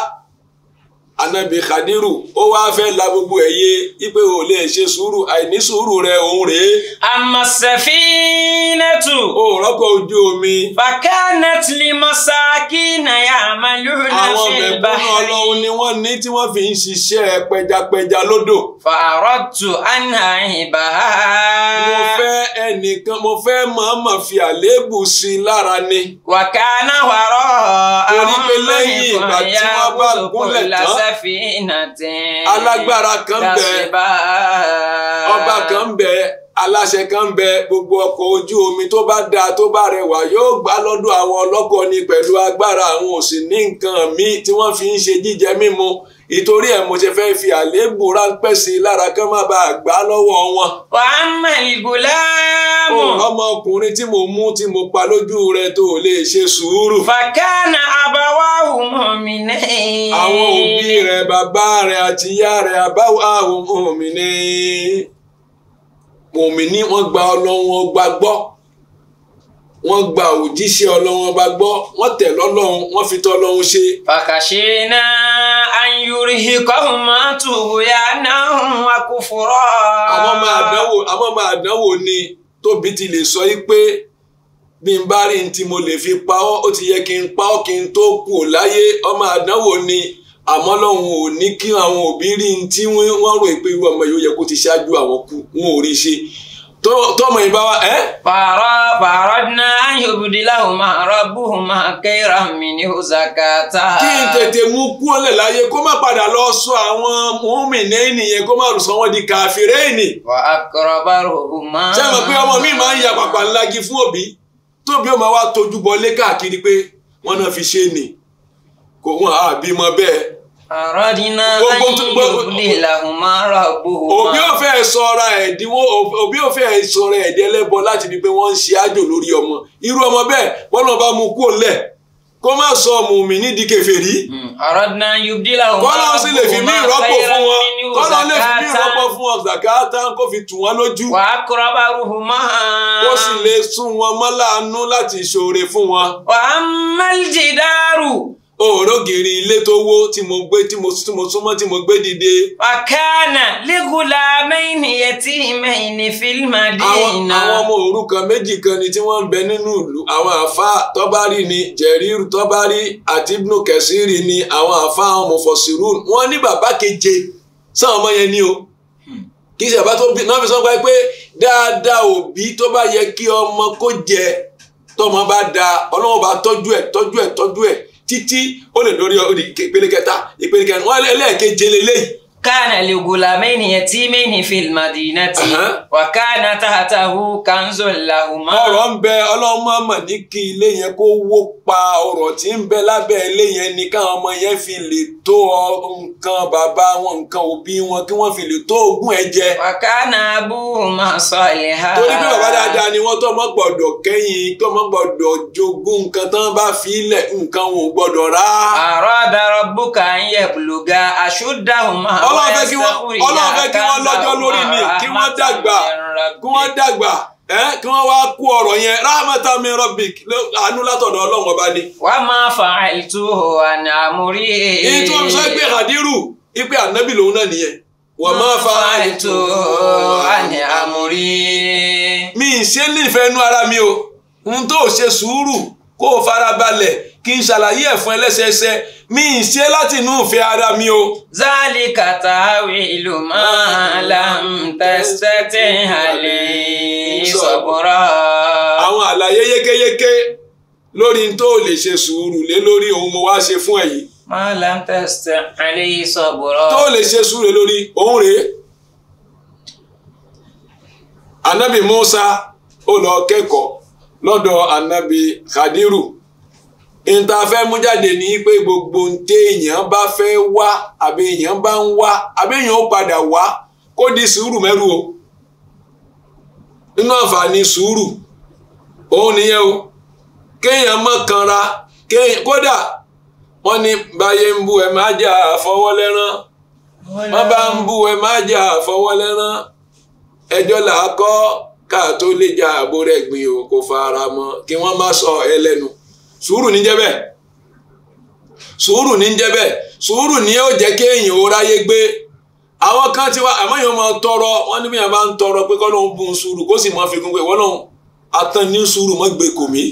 ànábì khadiru ó wáá fẹ́ la gbogbo ẹ̀ yé ipe ò lè ṣe sùúrù àìní sùúrù rẹ òun rèé. àmọ̀sẹ̀fínẹ́tù. o rọ́pò ojú omi. fàkánẹ́tìlì mọ́sá kí nàyà màlúùnà fi bá. àwọn mẹ̀kúnnù ọlọ́run ni wọ́n ní tí wọ́n fi ń ṣiṣẹ́ pẹjapẹja lódò. fàárọ̀tù ànàìbá. mo fẹ́ ẹnìkan mo fẹ́ mọ̀ọ́mọ̀ fi àléébù sí i lára ni. wàkánà wàrọ̀ àwọn ọmọ ìfọ̀yà gbọ́dọ̀ kò lásẹ̀ sàfínàtìn. alágbára kan bẹ ọba kan bẹ aláṣẹ kan bẹ gbogbo ọkọ̀ ojú omi tó bá dáa tó bá rẹwà yóò gbà lọ́dọ̀ àwọn ọlọ́kọ̀ ni pẹ̀lú agbára àwọn òsì ní nǹkan míì tí wọ́n fi ń ṣe jíjẹ mímu ìtorí ẹ̀ mo ṣe fẹ́ fi àléébù ráńpẹ́ sí i lára kán má bàa gbà lọ́wọ́ wọn. wàhámà ìgòlá mọ̀. ọmọkùnrin tí mo mú tí mo pa lójú rẹ tó o lè ṣe sùúrù. fàkànà àbáwá òun mi ní. àwọn òbí rẹ bàbá rẹ àti ìyá rẹ àbáwá òun mi ní. mòmí ní wọ́n gba ọlọ́run ọgbà wọ́n gba òjíṣẹ́ ọlọ́run ọba gbọ́ wọ́n tẹ̀ lọ́lọ́run wọ́n fi tọ́ lọ́run ṣe. fàkàṣe náà ayùrì ìkọ́hùn máa tù bóyá náà wà kó fúrọ́. àwọn ọmọ àdánwò àwọn ọmọ àdánwò ni tóbi ti lè sọ pé bí n bá rí n tí mo lè fi pa ọ́ ó ti yẹ kí n pa ọ́ kí n tó kú ò láyé ọmọ àdánwò ni àmọ́ lọ́hùn ò ní kí àwọn òbí rí n tí wọ́n rò pé irú ọmọ yìí ó yẹ kó ti ṣáájú àwọn kú wọn ò rí ṣe tọ́mọ ìbá wa ẹ́. fàárọ̀ fàárọ̀ dínà ayọ̀bùdíláhùn máa rọ́bùhùn máa kẹ́ra mi ní òsàkàtà. kí n tètè mú kúrò lẹ̀ láyé kó má padà lọ sọ àwọn mùmìnì nìyẹn kó má sọ wọn di kàfírẹ́ẹ̀nì. wà á kọ̀rọ̀ bá rò ó máa. ṣé pé ọmọ mi máa ń ya pàpà ńlági fún òbí tóbi ó máa wá tójú bọlé káàkiri pé wọ́n náà fi ṣe nì kò wọ́n àbímọ bẹ́ẹ̀ àròdínà ayé òbí làhùnmá rà bò wá. òbí ò fẹ́ sọra ẹ̀dínwó òbí ò fẹ́ sọra ẹ̀dín ẹlẹ́bọ láti ní pé wọ́n ń ṣe àjò lórí ọmọ irú ọmọ bẹ́ẹ̀ bọ́lá bá mú kúrò lẹ̀ kó má sọ mùmí nídìí kèfèrí. Hmm, àròdínà yubdí làhùnmá rà bò wá. kọ́lá sì lè fi mí ìrọ́pò fún wọn kọ́lá lè zakata kó fi tù wọn lójú. wà á kóra bá ruhu mọ́. kó sì lè sún wọn mọ́ láàánú láti ṣoore fún wọn. wà á mẹ́lì òrógìrì ilé tó wó tí mo gbé tí mo tí mo súnmọ́ tí mo gbé dìde. wàkánà lígùlà mẹ́yìn ẹtí mẹ́yìn ní fílmà dìínà. àwọn ọmọ òrukàn méjì kan ni tí wọ́n ń bẹ nínú ìlú àwọn àfa tọ́bárì ni jẹ̀rìírù tọ́bárì àti ibnu kẹsìrì ni àwọn àfa àwọn mọ̀fọ̀sirù wọ́n ní bàbá keje sáwọn ọmọ yẹn ni o kì í ṣe bàbá tó bí náà fi sọ pé dáadáa òbí tó bá yẹ kí ọmọ kó jẹ tọmọ bá da ọlọ́wọ́ bá tọ́jú ẹ̀ tọ́jú ẹ̀ tọ́jú ẹ̀ títí ó lè dórí ìpele kẹta ìpele kẹta wọn ẹlẹ́ẹ̀keje lélẹ́yìí كان لغلامين يتيمين في المدينة وكان تحته كنز لهما. ọ̀rọ̀ ń bẹ ọlọ́mọ mọ̀ ní kí ilé yẹn kó wó pa ọ̀rọ̀ tí ń bẹ lábẹ́ ilé yẹn ni káwọn ọmọ yẹn fi lè tó nǹkan bàbá wọn nǹkan òbí wọn kí wọ́n fi lè tó ogún ẹ̀ jẹ. وكان أبوهما صالحا. torí pé bàbá dáadáa ni wọ́n tọ́mọ gbọ́dọ̀ kẹ́yìn tọ́mọ gbọ́dọ̀ jogún nǹkan tán bá fi ilẹ̀ nǹkan wọn أراد ربك أن يبلغا أشدهما ọlọ́run fẹ́ kí wọ́n ọlọ́run kí wọ́n lọ́jọ́ lórí ni kí wọ́n dàgbà kí wọ́n dàgbà kí wọ́n wá kú ọ̀rọ̀ yẹn rahmatan min rabbik àánú látọ̀dọ̀ ọlọ́run ọba ni. wà máa fa àìtú àná àmúrí. èyí tí wọ́n fi sọ pé hadiru ipe ànábì lòun náà nìyẹn wà máa fa àìtú àná àmúrí. mi ì ṣe nífẹ̀ẹ́ nú ara mi o n tó ṣe sùúrù kó o farabalẹ̀ kí n ṣàlàyé ẹ̀ fún ẹlẹ́sẹẹsẹ mi ì ṣe láti inú ìfẹ́ ara mi o. zali kata awi ìlú máa lam tẹ́sítẹ́tì àlè ìṣọ̀bùrà. àwọn àlàyé yékéyéké lórí tó lè ṣe sùúrù lé lórí ohun mo wá ṣe fún ẹ yìí. máa lam tẹ́sítẹ́ àlè ìṣọ̀bùrà. tó lè ṣe sùúrù lórí òun rèé. anabi musa ó lọ kẹ́kọ̀ọ́ lọ́dọ̀ anabi khadiru. níta fẹ́ mú jáde pé gbogbo ohun èèyàn bá fẹ́ wá àbí èèyàn bá ń wá àbí èèyàn ó padà wá kó di sùúrù mẹ́rù o nínú àǹfààní sùúrù òun nìyẹn o kéèyàn mọ̀ kanra kéèyàn kódà wọ́n ní báyé ń bu má jà fọwọ́ lẹ́rán wọ́n bá ń má jà o kò fara mọ́ kí wọ́n má sọ ẹ sùúrù ní jẹ́ bẹ́ẹ̀ sùúrù ní jẹ́ bẹ́ẹ̀ sùúrù ní yóò jẹ́ kí èèyàn ó ráyé gbé àwọn kan ti wá àmọ́ èèyàn máa tọrọ wọ́n ní bíyàn bá ń tọrọ pé kọ́nà ń bun sùúrù kó sì máa fi kún pé wọ́n náà atán ní sùúrù mọ́ gbé kò mí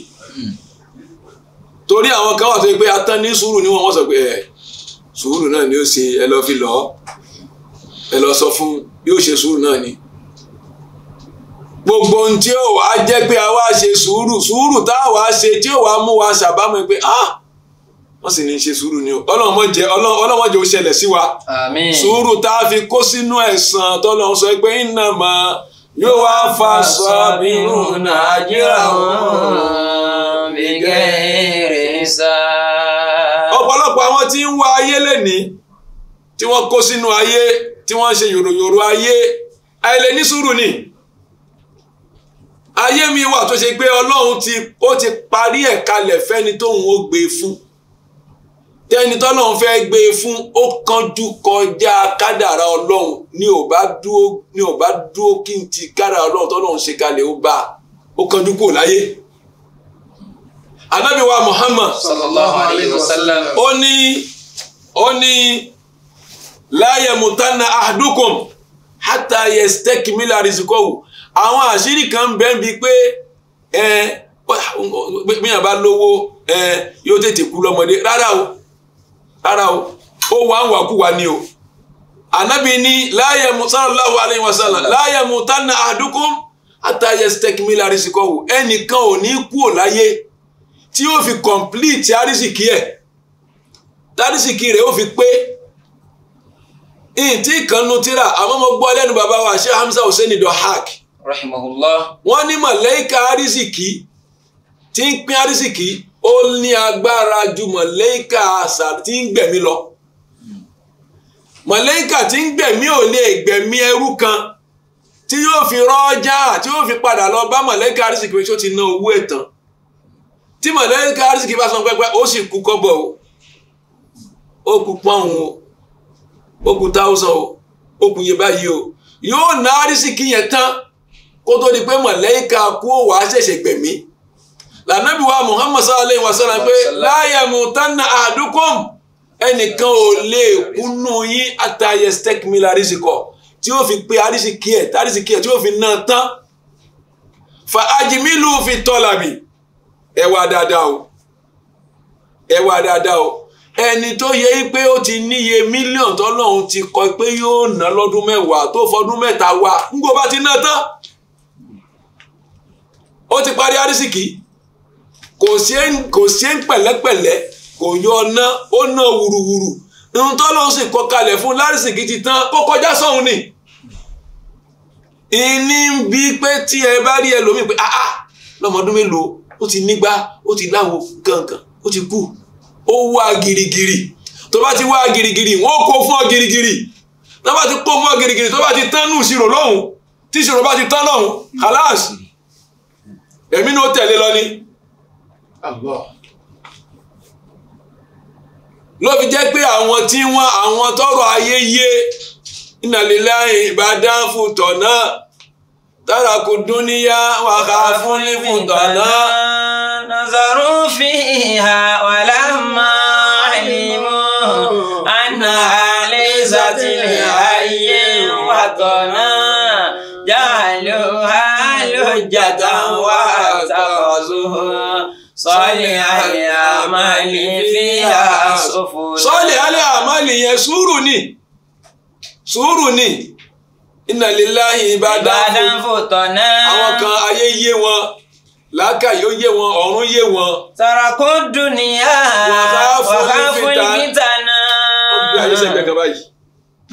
torí àwọn kan wà tó yẹ pé atán ní sùúrù ni wọ́n wọ́n sọ pé ẹ̀ sùúrù náà ni ó ṣe ẹ lọ fi lọ ẹ lọ sọ fún bí ó ṣe sùúrù náà ni gbogbo ohun tí ó wàá jẹ́ pé a wá ṣe sùúrù sùúrù tá a wá ṣe tí ó wàá mú wa ṣàbámọ̀ pé ah wọ́n sì ní ṣe sùúrù ni o ọlọ́run mọ̀ jẹ́ ọlọ́run mọ̀ ṣẹlẹ̀ sí wa sùúrù tá a fi kó sínú ẹ̀san tọ́lọ́run sọ pé iná mọ̀ yóò wá fa sọ bínú nàìjíríà wọn gbígbẹ́ rẹ̀ sá. ọ̀pọ̀lọpọ̀ àwọn tí ń wá ayé lẹ́nìí tí wọ́n kó sínú ayé tí wọ́n ṣe yòròyòrò ayé àìlè ní sùúrù ni ayé mi wà tó ṣe pé ọlọ́run ti ó ti parí ẹ̀ kalẹ̀ fẹ́ni tóun ó gbé e fún tẹ́ni tọ́lọ́run fẹ́ gbé e fún ó kánjú kọjá kádàrá ọlọ́run ni ò bá dúó ni ò bá dúó kí n ti kádàrá ọlọ́run tọ́lọ́run ṣe kalẹ̀ ó bá ó kánjú kúrò láyé anabi muhammad sallallahu alayhi wa sallam ó ní ó ní láyé mutanna ahdukum hátà yẹ stẹ́kì mílíọ̀nù àrísíkọ́wù àwọn àṣírí kan ń bẹ́ẹ̀ bíi pé ẹ bíyàn bá lówó yóò tètè kú lọ́mọdé rárá o rárá o ó wà ń wà kú wa ni o ànábì ni láyé mu sallallahu alayhi wa sallam láyé mu tánà ahadukum àtàyè stekmila arísìkọ́wò ẹnìkan ò ní kú ò láyé tí yóò fi complete arísìkí ẹ̀ tárísìkí rẹ̀ fi pé ntí àmọ́ mo gbọ́ lẹ́nu bàbá wa ṣé Hamza Hussein rahimahullah. wọ́n ní mọ̀lẹ́kà arísìkí tí ń pín arísìkí ó ní agbára ju mọ̀lẹ́kà àṣà tí ń gbẹ̀mí lọ mọ̀lẹ́kà tí ń gbẹ̀mí ò lè gbẹ̀mí ẹrú kan tí yóò fi rọ́jà tí yóò fi padà lọ bá mọ̀lẹ́kà arísìkí pé tí ó ti ná owó ẹ̀tàn tí mọ̀lẹ́kà arísìkí bá san pẹ́pẹ́ ó sì kú kọ́bọ̀ o ó kú pọ́n o ó kú táwùsàn o ó kú yẹ báyìí o yóò ná arísìkí yẹn tán kó tó di pé màláíkà kú ó á ṣẹ̀ṣẹ̀ gbẹ̀mí lànàbí wa muhammad sallallahu alayhi wa sallam pé ẹnìkan ò lè kúnnú yín àtàyẹsítẹ́kìmílà àrísìkọ tí ó fi pé àrísìkí ẹ̀ tí ó fi ná tán fa ajimilu fi tọ́làbì o o ẹni tó yẹ pé ó ti níye tọ́lọ́hún ti kọ pé yóò ná lọ́dún mẹ́wàá tó fọdún mẹ́ta ń gbọ́ bá ti ná ó ti parí arísìkì kò ṣe ń pẹ̀lẹ́pẹ̀lẹ́ kò yọ ọ̀nà ó ná wùrùwùrù ohun tó lọ́n sì kọ kalẹ̀ fún lárísìkì ti tán kó kọjá sọ́hun ni ìní ń bí pé tí ẹ bá rí ẹlòmíì pé ah ah lọ́mọdún mélòó ó ti nígbà ó ti láwo kankan ó ti kú ó wá girigiri tó bá ti wá girigiri wọn ó kó fún ọ girigiri tó bá ti kó fún ọ girigiri tó bá ti tán nù ìṣirò lọ́hùn tí ìṣirò bá ti tán lọ́hùn kàláàsì èmi ní ó tẹ̀lé lọ ni. ló fi jẹ́ pé àwọn tí wọ́n àwọn tọrọ ayé yé innalillahi ìbàdàn fùtọ̀ náà tára kò dún níyà wàhà fún ní fùtọ̀ náà. nazaru fiha walamma alimu anna alizati ayé wàtọ̀ náà jàlú àlùjàtà sọ́ọ̀lì alẹ́ àmàlì fíyà sọ́fò. sọ́ọ̀lì alẹ́ àmàlì yẹn sùúrù ni sùúrù ni inna lillahi ìbàdàn fòtọ̀ náà. àwọn kan ayé yé wọn láàkà yóò yé wọn ọ̀run yé wọn. tàràkó dùnìyà wàhá fún ìbíta náà. wọ́n gbé ayé sẹ́gbẹ̀ẹ́ kan báyìí.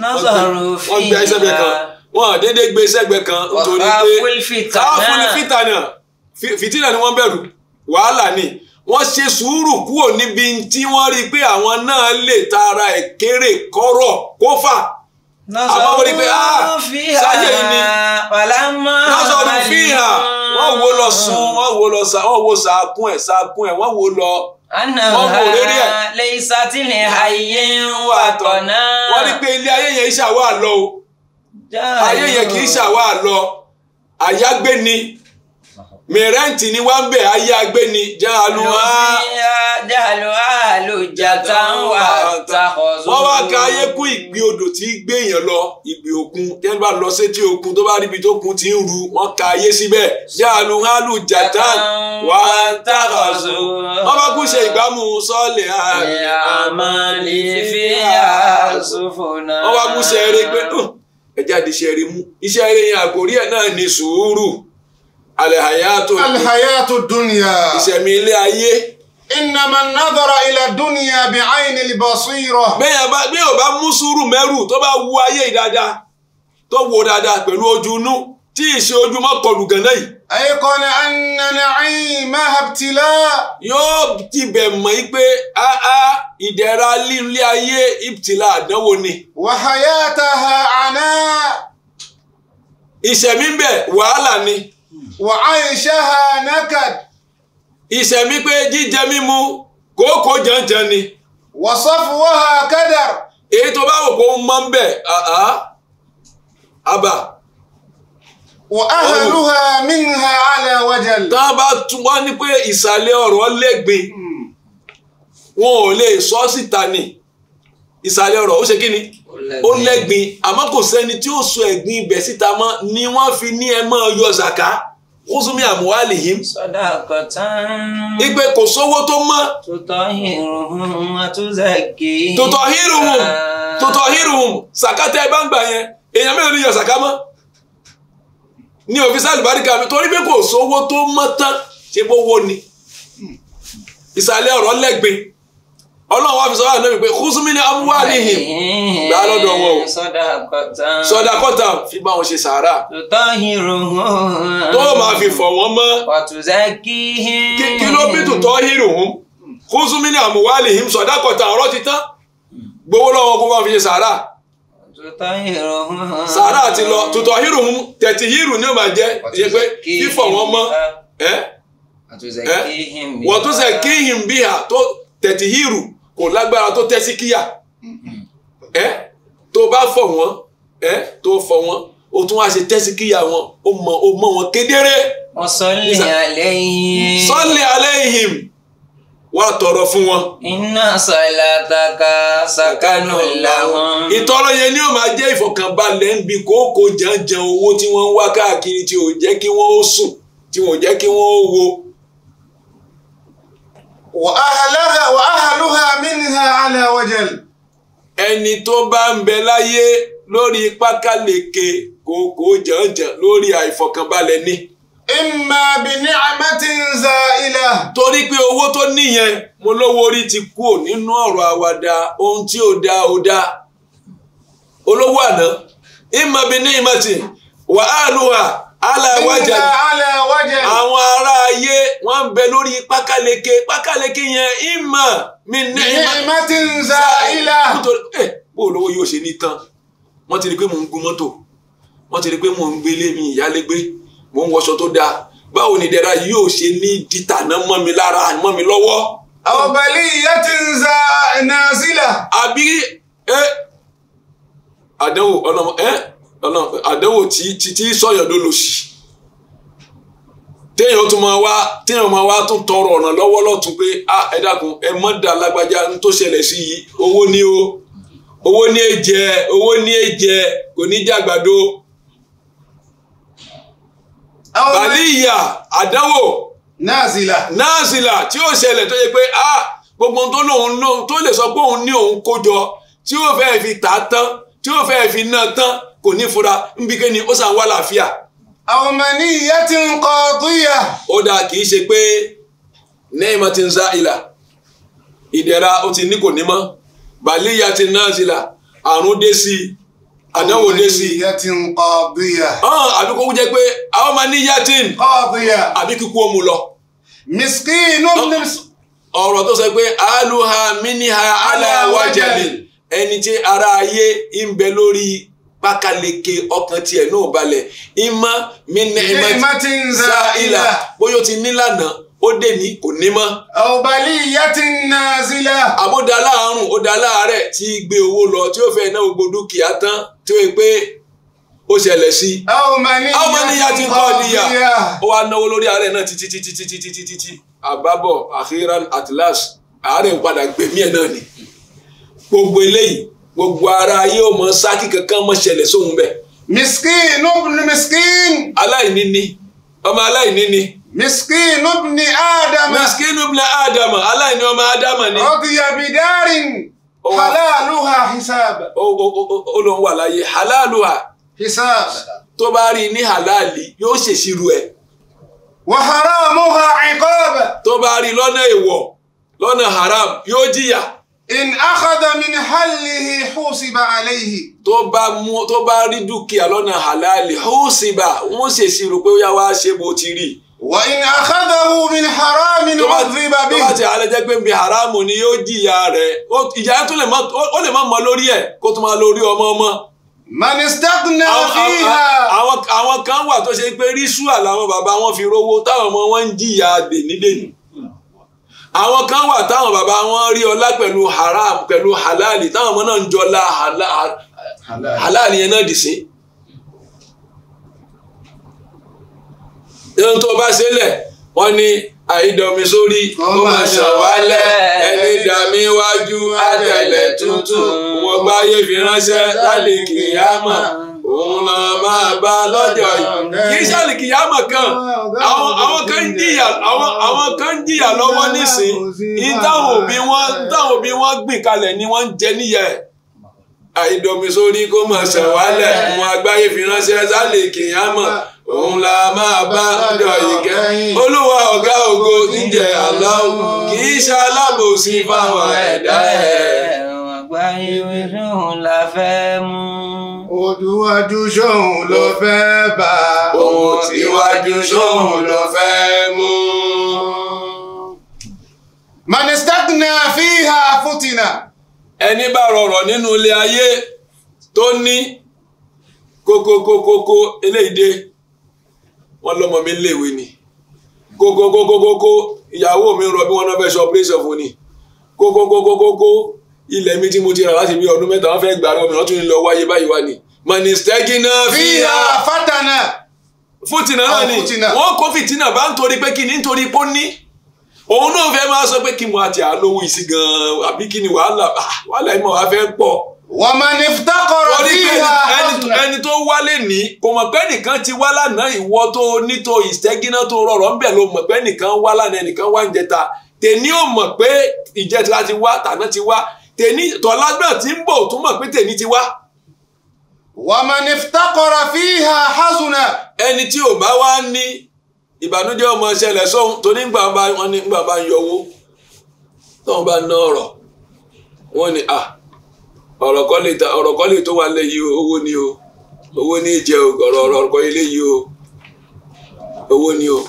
wọ́n gbé ayé sẹ́gbẹ̀ẹ́ kan wọ́n dédé gbé sẹ́gbẹ̀ẹ́ kan nítorí pé káfíńfìtà náà fìtínà ni wọ́n bẹ̀rù wàhálà ni wọ́n ṣe sùúrù kúrò níbi tí wọ́n rí i pé àwọn náà lè tara ẹ̀ kéré kọ́rọ̀ kófà àwọn wọ́n rí i pé sáyé ah, yìí ni lọ́sọ̀rọ̀ fi hàn wọ́n wo lọ sun wọ́n wo lọ sa wọ́n wo sàákún ẹ̀ sàákún ẹ̀ wọ́n wo lọ wọ́n wo lérí ẹ̀. lè ṣàtìlẹ̀ ayé ń wà tọ̀nà. wọ́n rí i pé ilé ayé yẹn ṣàwọ́ àlọ́ o ayé yẹn kì í ṣàwọ́ àlọ́ àyágbé ni mìrẹ́ǹtì ni wá ń bẹ̀ ayé agbé ni jáàlúwá. jáàlúwá ló jà táwọn àtà ọ̀sán. wọ́n wá ka ayé kú ìgbì odò tí gbé èèyàn lọ ìgbì òkun tẹ́lẹ̀ bá lọ sétí òkun tó bá ríbi tó kun ti ń ru wọ́n ka ayé síbẹ̀ jáàlúwá ló jà táwọn wọ́n bá kú ṣe ìgbámu sọ́ọ̀lì àmì àmàlì fìyà sófònà. wọ́n bá kú ṣe eré pé ẹ jáde ṣe eré mú iṣẹ́ eré yẹn àkórí ẹ̀ náà ni sùúrù alihayato alihayato dunya. ìṣẹ̀mí ilé ayé. ìnàmà nàdọ̀rọ̀ ilẹ̀ dunya bí àyìn ìbọ̀sùnìrọ̀. bẹ́ẹ̀ bá bí o bá mú sùúrù mẹ́rù tó bá wu ayé yìí dáadáa tó wo dáadáa pẹ̀lú ojú inú tí ìṣe ojú mọ́ kọlù gànà yìí. àyíkọ́ ni ananayin mahabtila. yóò tibẹ̀ mọ́ i pé aa ìdẹ̀ra lílé ayé ibtila àdánwò ni. wàhálà ta ha àná. ìṣẹ̀mí bẹ̀ wàhálà ni. wà á iṣẹ́ ha naked. ìṣẹ̀mí pé jíjẹ mímu kókó ni. wọ́sọ́fù wọ́n ha kẹ́dàr. èyí tó bá wò kó mọ́ ń bẹ̀ àbà? wà á ha mí ha alẹ́ wájà. tá a bá tún ní pé ìsàlẹ̀ ọ̀rọ̀ lẹ́gbẹ̀ẹ́ wọn ò lè sọ síta ni ìsàlẹ̀ ọ̀rọ̀ ó ṣe kí ni ó àmọ́ kò sẹ́ni tí ó sọ ni wọ́n fi ní ẹ kúsùmí àmúhálì yìí. sọdá àkọtán. ìgbé kò sówó tó mọ́. tòtọ́ hírùhùn àtúnṣe kì í. tòtọ́ hírùhùn tòtọ́ hírùhùn sàkátà ẹ bá ń gbà yẹn èèyàn mẹ́rin ni yọ sàká mọ́. ní òfìsà àlùbáríkà mi torí pé kò sówó tó mọ́ tán ṣe bó wó ni. ìsàlẹ̀ ọ̀rọ̀ lẹ́gbẹ̀ẹ́ ọlọ́run wa fi sọ́wọ́ àná mi pé kùsùmínì amúwálìhìn gbà lọ́dọ̀ wọn o sọ́dà kọ́tà fi bá wọn ṣe sàárà tó máa fi fọ̀ wọ́n mọ́ kí ló bí tòótọ́ hírò hún kùsùmínì amúwálìhìn sọ́dà kọ́tà ọ̀rọ̀ ti tán gbowó lọ́wọ́ kó bá fi ṣe sàárà sàárà ti lọ tòótọ́ hírò hún tẹ̀tì hírò ní ó máa jẹ́ ṣe pé fífọ̀ wọ́n mọ́ wọ́n tún sẹ̀ kíhìn bíhà tó tẹ̀tì hírò kò lágbára tó tẹ́ sí kíyà ẹ tó bá fọ̀ wọ́n ẹ tó fọ̀ wọ́n o tún wá ṣe tẹ́ sí kíyà wọn o mọ o mọ wọn kedere. wọ́n sọ́lé alayhim. sọ́lé alayhim wá tọrọ fún wọn. iná sàlátàkà sàkánù làwọn. ìtọrọ yẹn ni ó máa jẹ́ ìfọ̀kànbalẹ̀ ń bi kókó jàǹjàǹ owó tí wọ́n ń wá káàkiri tí ò jẹ́ kí wọ́n ó sùn tí wọn ò jẹ́ kí wọ́n ó wo wa ahluha minha ala wajal. ẹni tó bá ń bẹ láyé lórí pákáleke kòkó jàǹjàǹ lórí àìfọkànbalẹ̀ ni. imma bi ni'matin za'ila. torí pé owó tó níyẹn mo lówó orí ti kú nínú ọ̀rọ̀ àwàdà ohun tí ò dáa ò dáa olówó àná imma bi ni'matin wa ahluha. aláwájà àwọn ará ayé wọn ń bẹ lórí pákáleke pákáleke yẹn ìmọ̀ mi ní ìmọ̀ tí ń za ilà. bó olówó yóò ṣe ní tán wọ́n ti rí pé mò ń gun mọ́tò wọ́n ti rí pé mò ń gbélé mi ìyálégbé mò ń wọṣọ tó dáa báwo ni ìdẹ̀ra yóò ṣe ní dìtà náà mọ́ mi lára mọ́ mi lọ́wọ́. àwọn pẹ̀lú ìyá tí ń za nàásìlà. àbí ẹ eh, àdánwò ọlọmọ ẹ. Eh? ọ̀nà àdéhùn tí tí tí sọ̀yàn ló lò sí téèyàn tún máa wá téèyàn máa wá tún tọrọ ọ̀nà lọ́wọ́ lọ́tún pé a ah, ẹ dákun ẹ mọ́ dà lágbájá ní tó ṣẹlẹ̀ sí yìí owó ní o owó ní èjẹ owó ní èjẹ kò ní jàgbàdo bàlíyà àdánwò náàzìlà náàzìlà tí ó ṣẹlẹ̀ tó yẹ pé a ah, gbogbo tó lòun lòun tó lè sọ pé òun ní òun kó jọ tí ó fẹ́ fi tà tán tí ó fẹ́ fi ná tán kò ní fura níbi ó sàn wá làáfíà. àwọn ọmọ ní ìyá ti ń kọ ọdúnyà. ó dáa kì í ṣe pé nẹ́ẹ̀mọ́ ti ń sá ìlà ìdẹ̀ra ó ti ní kò ní mọ́ bàlíyà ti náà sí àrùn dé sí i àdánwò dé sí i. ìyá ti ń kọ ọ̀hún àbí kò pé àwọn aluha miniha ala wajali ẹni tí ara ayé ń pákáleke ọkàn tiẹ̀ náà balẹ̀ ìmọ̀ mi ní ìmọ̀ tí ń za ìlà bóyá o ti nílànà ó dé ní kò ní mọ́. ọ̀bàlì ìyá ti ń na sílẹ̀. àbúdá láàrùn ó dá láàárẹ̀ tí gbé owó lọ tí ó fẹ́ ná gbogbo dúkìá tán tí ó yẹ pé ó ṣẹlẹ̀ sí. ọmọ níyà ti ń kọ́ níyà ó wá náwó lórí àárẹ̀ náà títí títí títí títí títí àbábọ̀ àhírán atlas àárẹ̀ ń padà gbẹ̀mí ẹ̀ náà ni gbogbo eléyìí gbogbo ara ayé ò mọ sákì kankan mọ ṣẹlẹ̀ sóhun bẹ́ẹ̀. miskin nubni miskin. aláìní ni ọmọ aláìní ni. miskin nubni ádámà. miskin nubni ádámà aláìní ọmọ ádámà ni. ọkìyà bidarin halaluha hisab. ó ló ń wà láyé halaluha. hisab. tó bá rí i ní halali yóò ṣèṣirò ẹ̀. wa haramuha iqab. tó bá rí i lọ́nà èèwọ̀ lọ́nà haram yóò jìyà in akhada min halihi husiba alayhi. tó bá mú tó bá rí dúkìá lọ́nà halali husiba wọ́n ṣèṣirò pé ó yá wá ṣe bó ti rí wa in akhadahu min haramin udhiba bihi. tó bá ti àlẹ́ jẹ́ pé nbí haramu ni yóò jìyà rẹ̀ ìyá tó lè má mọ lórí ẹ̀ kó tó máa lórí ọmọ ọmọ. man fiha. àwọn kan wà tó ṣe pé ríṣùà làwọn bàbá wọn fi rówó táwọn ọmọ wọn ń jìyà dènídèní àwọn kan wà táwọn bàbá wọn rí ọlá pẹ̀lú haram pẹ̀lú halali táwọn ọmọ náà ń jọlá halali yẹn náà dì sí. ohun tó bá ṣẹlẹ̀ wọ́n ní àìdọ̀mí sórí ó máa ṣàwálẹ̀ ẹni dàmí wájú àtẹ̀lẹ̀ tuntun wọ́n gbáyé fi ránṣẹ́ lálẹ́ kìí àmọ́ òun náà máa bá lọ́jọ́ yìí kì í ṣàlìkì yámọ̀ kan àwọn kan ń jìyà àwọn kan ń jìyà lọ́wọ́ nísìn ní táwọn òbí wọn táwọn òbí wọn gbìn kalẹ̀ ni wọ́n ń jẹ níyà ẹ̀ àìdọ̀mí sórí kó mọ̀ ṣẹ̀wálẹ̀ wọn àgbáyé fi ránṣẹ́ ṣàlìkì yámọ̀ òun la máa bá lọ́jọ́ yìí olúwa ọ̀gá ògo níjẹ̀ àlọ́ kì ṣe alábòsí fáwọn ẹ̀dá ẹ̀ pé ìwé sóhun la fẹ́ mú. òdùwájú sóhun ló fẹ́ bá. òun tíwájú sóhun ló fẹ́ mú. manistakna fiha futina. ẹni bá rọrọ̀ nínú ilé ayé tó ní kókókókókó eléyìí dé wọn lọmọ mi léèwé ni kókókókókó ìyàwó mi rọ bí wọn náà fẹ́ ṣe operation fún ni kókókókókó ilẹ̀ mi tí mo ti rà láti bí ọdún mẹ́ta wọ́n fẹ́ gbà lọ́mọ ìrántí lọ wáyé báyìí wá ni mọ̀nìsẹ́gínà fíhà fátànà fútìnà náà ni wọ́n kó fìtínà bá ń torí pé kí ni nítorí pé ó ní òun náà fẹ́ máa sọ pé kí mo àti àlówó ìsì gan-an àbí kí ni wàhálà ah, wàhálà ìmọ̀ wa fẹ́ pọ̀. wọ́n máa ní fútakọ̀rọ̀ fíhà fátànà ẹni tó wálé ní kò mọ̀ pé nìkan ti wá lánàá ìwọ tó nítò ìsẹ́gínà tó rọrọ̀ ńbẹ̀ ló mọ̀ pé nìkan wá lánàá ẹnìkan wá ń jẹta tèmi ò mọ̀ pé ìjẹta ti wá tàná ti wá tèmi tọ́lá náà ti ń bọ̀ tó mọ̀ pé tèmi ti wá. wàmẹ̀ni takọ̀rọ̀ fi hà hasuna. ẹni tí o bá wá ní ìbànújẹ́ ọmọ ṣẹlẹ̀ sọ́hun tó ní gbàǹbà wọn ní gbàǹbà yọ owó tóun bá ná ọ̀rọ̀ wọn ni à ah, ọ̀rọ̀ kọ́lé tó wà lẹ́yìn owó ni o owó ní jẹ ọ̀rọ̀ ọ̀rọ̀ kọ́ eléyìí o owó ni o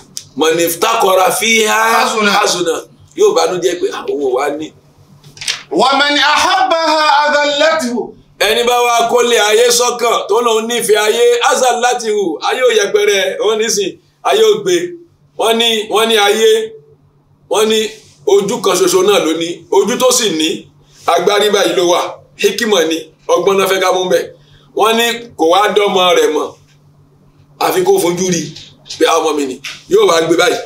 mọ̀nìftakọ̀rọ̀ fi hà hasuna yóò bánú jẹ́ pé àwọn ah, owó wa ní. wàmẹ́ni ahábàá azalẹ́tìwò. ẹni bá wa kólé ayé sọ́kàn tó lòun nífẹ̀ẹ́ ayé azalẹ́tìwò ayé ò yẹpẹrẹ wọn nísìn ayé ò gbé wọn ní wọn ní ayé wọn ní ojú kan ṣoṣo náà ló ní ojú tó sì ní agbárí báyìí ló wà hikima ni ọgbọ́n náà fẹ́ ká mú bẹ̀ wọ́n ní kò wá dọ́mọ rẹ̀ mọ̀ àfi kó fojú rí pé àwọn ah, ọmọ mi ni yóò wá gbé báyìí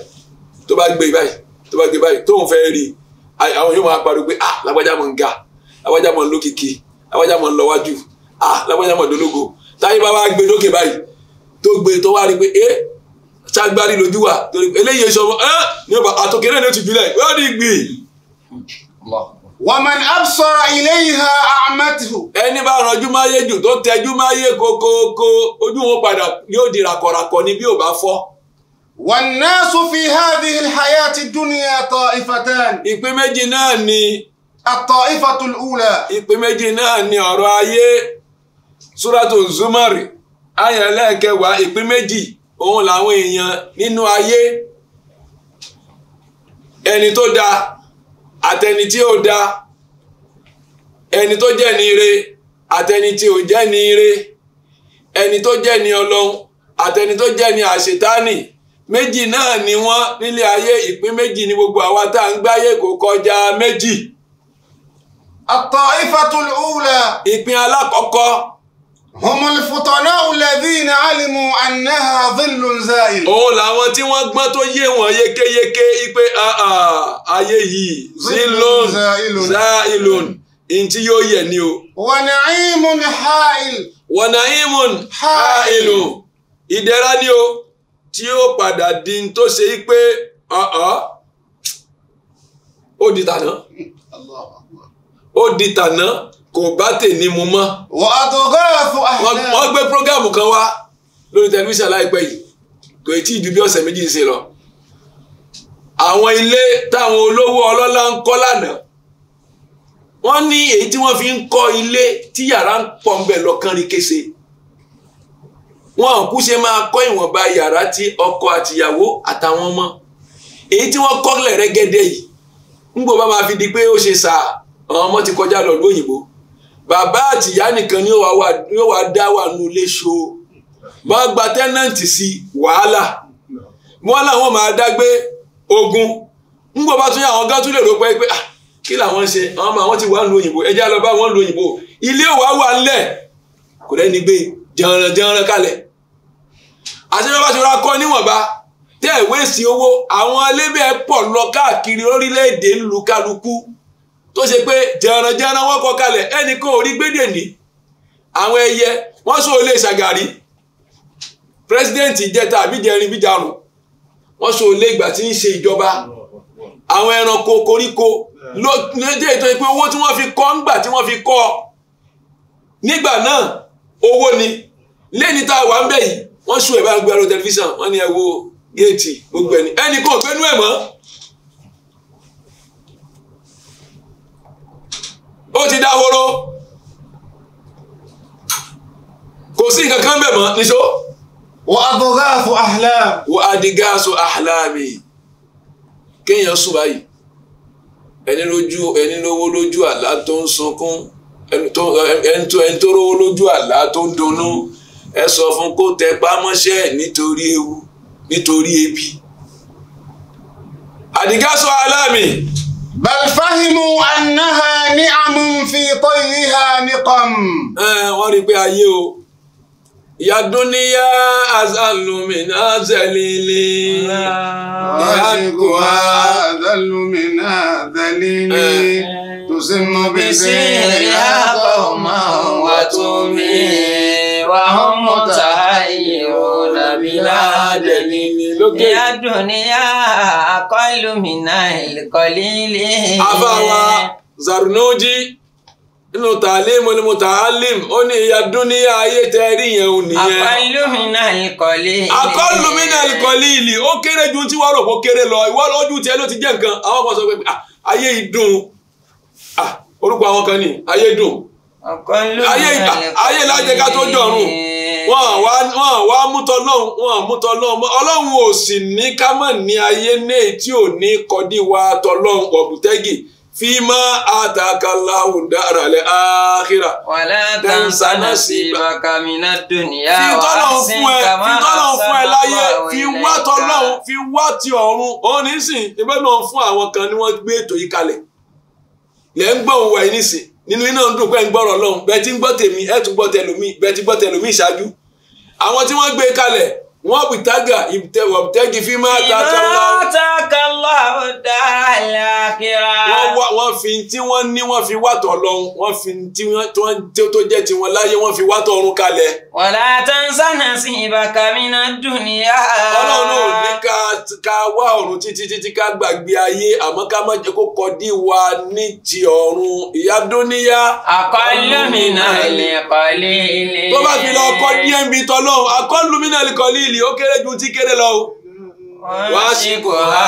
tó bá gbé báyìí tó bá gbé báyìí tóun fẹ́ rí i àwọn yóò máa pariwo pé ah lágbájá mọ̀ ń ga lágbájá mọ̀ ń lókìkí lágbájá mọ̀ ń lọ́wájú ah lágbájá mọ̀ ń dológo táyé bá wá gbé lókè báyìí tó gbé tó wá rí pé eh ṣàgbárí lójú wa torí eléyìí èso ọmọ ẹ ní ọba àtòkèrè ní oṣù bílẹ̀ wọ́n ní gbì. wàmán absara ilayha àmàtìhù. ẹni bá ranjú máa yé jù tó tẹjú máa yé kókókó ojú wọn padà yóò di ràkọ̀ràkọ̀ ni bí ò bá fọ́. والناس في هذه الحياة الدنيا طائفتان ìpín méjì náà ni الطائفة الأولى ìpín méjì náà ni ọ̀rọ̀ ayé Suratu Zumar àyá ẹlẹ́ẹ̀kẹwàá ìpín méjì òun làwọn èèyàn nínú ayé ẹni tó dáa àtẹni tí ò dáa ẹni tó jẹ́ ni ire àtẹni tí ò jẹ́ ni ire ẹni tó jẹ́ ni Ọlọ́run àtẹni tó jẹ́ ni àṣetánì méjì náà ni wọ́n nílé ayé ìpín méjì ni gbogbo àwa tá à ń gbáyé kò kọjá méjì. at-ta'ifatul ula. ìpín alákọ̀ọ́kọ́. humul futana'u alladhina alimu annaha dhillun za'il. òun làwọn tí wọ́n gbọ́n tó yé wọn yékéyéké pé ayé yìí zillun za'ilun ntí yóò yẹ ni o. wa na'imun ha'il. wa na'imun ha'ilu. ìdẹ̀ra ni o tí ó padà di n tó ṣe pé ó di tàná ó di tàná kò bá tèmi mu mọ́. wọ́n gbé programu kan wá lórí tẹlifíṣàn láìpẹ́ yìí kò tí ì ju bí ọ̀sẹ̀ méjì ṣe lọ. àwọn ilé táwọn olówó ọlọ́lá ń kọ́ lánàá wọ́n ní èyí tí wọ́n fi ń kọ́ ilé tí yàrá ń pọ̀ ń bẹ̀ lọ́kànrin kése wọn ò kú ṣe máa kọ́ ìwọ̀nba yàrá tí ọkọ àtìyàwó àtàwọn ọmọ èyí tí wọ́n kọ́lẹ̀ rẹ́gẹ́dẹ́ yìí ńgbò bá máa fi di pé ó ṣe sà àwọn ọmọ ti kọjá lọ lóyìnbó bàbá àtìyá nìkan ni yóò wá dá wà nù lé ṣo wọ́n gba tẹ́nàntì sí wàhálà wọ́n làwọn máa dágbé ogun ńgbò bá tún yà àwọn gán tún lè rò pé ah, kí làwọn ṣe àwọn máa wọ́n ti wà nù òyìnbó ẹjẹ́ lọ bá wọn lù òyìnbó ilé òwà wà ńlẹ̀ kò lẹ́ni gbé jẹranjẹran kalẹ̀ àti bí wọ́n bá ti rọra kọ́ níwọ̀nba tẹ́ ẹ̀ wéèsì owó àwọn ẹlẹ́bẹ̀ pọ̀ lọ káàkiri orílẹ̀-èdè ńlu kálukú tó ṣe pé jẹranjẹran wọn kọ kalẹ̀ ẹnì kan ò rí gbédè ní àwọn ẹyẹ wọ́n sọ olè ṣàgàrí pírẹsidẹ́ǹtì ìjẹta àbíjẹrin bíjarùn wọ́n sọ olè ìgbà tí ń ṣe ìjọba àwọn ẹranko koríko lóde ètò ìpín owó tí wọ́n fi kọ́ ńgbà tí wọ́n fi kọ́ nígbà náà owó ni lẹ́ni tá a wà ń bẹ̀ wọ́n sún ẹ̀ bá ń gbé aró tẹlifíṣàn wọ́n ní ẹ wo géètì gbogbo ẹni ẹnì kan gbénú ẹ̀ mọ́. ó ti dáhóró kò sí nǹkan kan bẹ̀ mọ́ níṣó. wà á dùn gáàfù àhàlám. wà á di gáàsù àhàlámì kéèyàn sùn báyìí ẹni lójú ẹni lówó lójú àlá tó ń sunkún ẹni tó rówó lójú àlá tó ń dunnú ẹ sọ fún kó tẹpá mọ́ṣẹ́ nítorí ewu nítorí ebi. àdìgásọ alámì. bal fahimu annaha ni'amun fi tayyiha niqam. ẹ wọ́n rí i pé ayé o yaduniya azalumina zalili yaduwa azalumina zalili tusimu bisi ya kọ́ máa wà tó mi. وهم متهيئون بلا دليل يا دنيا أقل من القليل أفوا زرنوجي nínú tàlímù ni mo tàálìm ó ní ìyá dúníyà ayé tẹ rí yẹn ò nìyẹn. akọlùmínà ìkọlí. akọlùmínà ìkọlí ìlì ó kéré ju tí wọ́n rò kó kéré lọ ìwọ lójú tiẹ̀ ti jẹ́ nǹkan àwọn kan sọ pé ah, ayé ìdùn ah, orúkọ àwọn kan ní ayé ìdùn ayé ìgbà ayé lájẹ ká tó dọ̀run wọn wá wọn wá mútọ lọhùn wọn mútọ lọhùn Ọlọ́run ò sì ní ká mọ ní ayé ní tí ò ní kọdí wa tọlọ́run ọbùtẹgì fíìmà àtàkàláwù dára lẹ àkírà. wàlẹ́ tàǹsà náà sí bàkàmínà dùnìyà wà sí kàmáà sábà fi wá tọlọ́run fi wá ti ọ̀run òun nísìn ìbẹ́ náà fún àwọn kan ni wọ́n gbé ètò yìí kalẹ̀ lẹ́ ń gbọ́ òun wẹ̀ nísìn nínú iná ń dùn pé ń gbọ́rọ̀ lọ́hùn bẹ́ẹ̀ tí ń gbọ́ tèmi ẹ̀ tún gbọ́ tẹlòmíì bẹ́ẹ̀ tí gbọ́ tẹlòmíì ṣáájú àwọn tí wọ́n gbé kalẹ̀ wọ́n bìtágà ìbùtẹ́gì fi máa ta kàlá. ìmọ̀ ta kàlá ó dá àlàkìrà. wọ́n fi tí wọ́n ní wọ́n fi wàtọ̀ lọ́hùn wọ́n fi tí wọ́n tó jẹ́ tiwọn láyé wọ́n fi wàtọ̀ ọ̀run kalẹ̀. wàlá tanzana sí ìbàkà mi náà dùnìyà. ọlọ́run ò ní ká ká wá ọ̀run títí títí ká gbàgbé ayé àmọ́ ká má jẹ́ kó kọdí wa ní ti ọ̀run ìyá dúníyà. àkọlùmínà lè kọ́lé ilé. tó bá fi lọ bíìlì ó kéré ju ti kéré lọ o. wọ́n ṣì kò há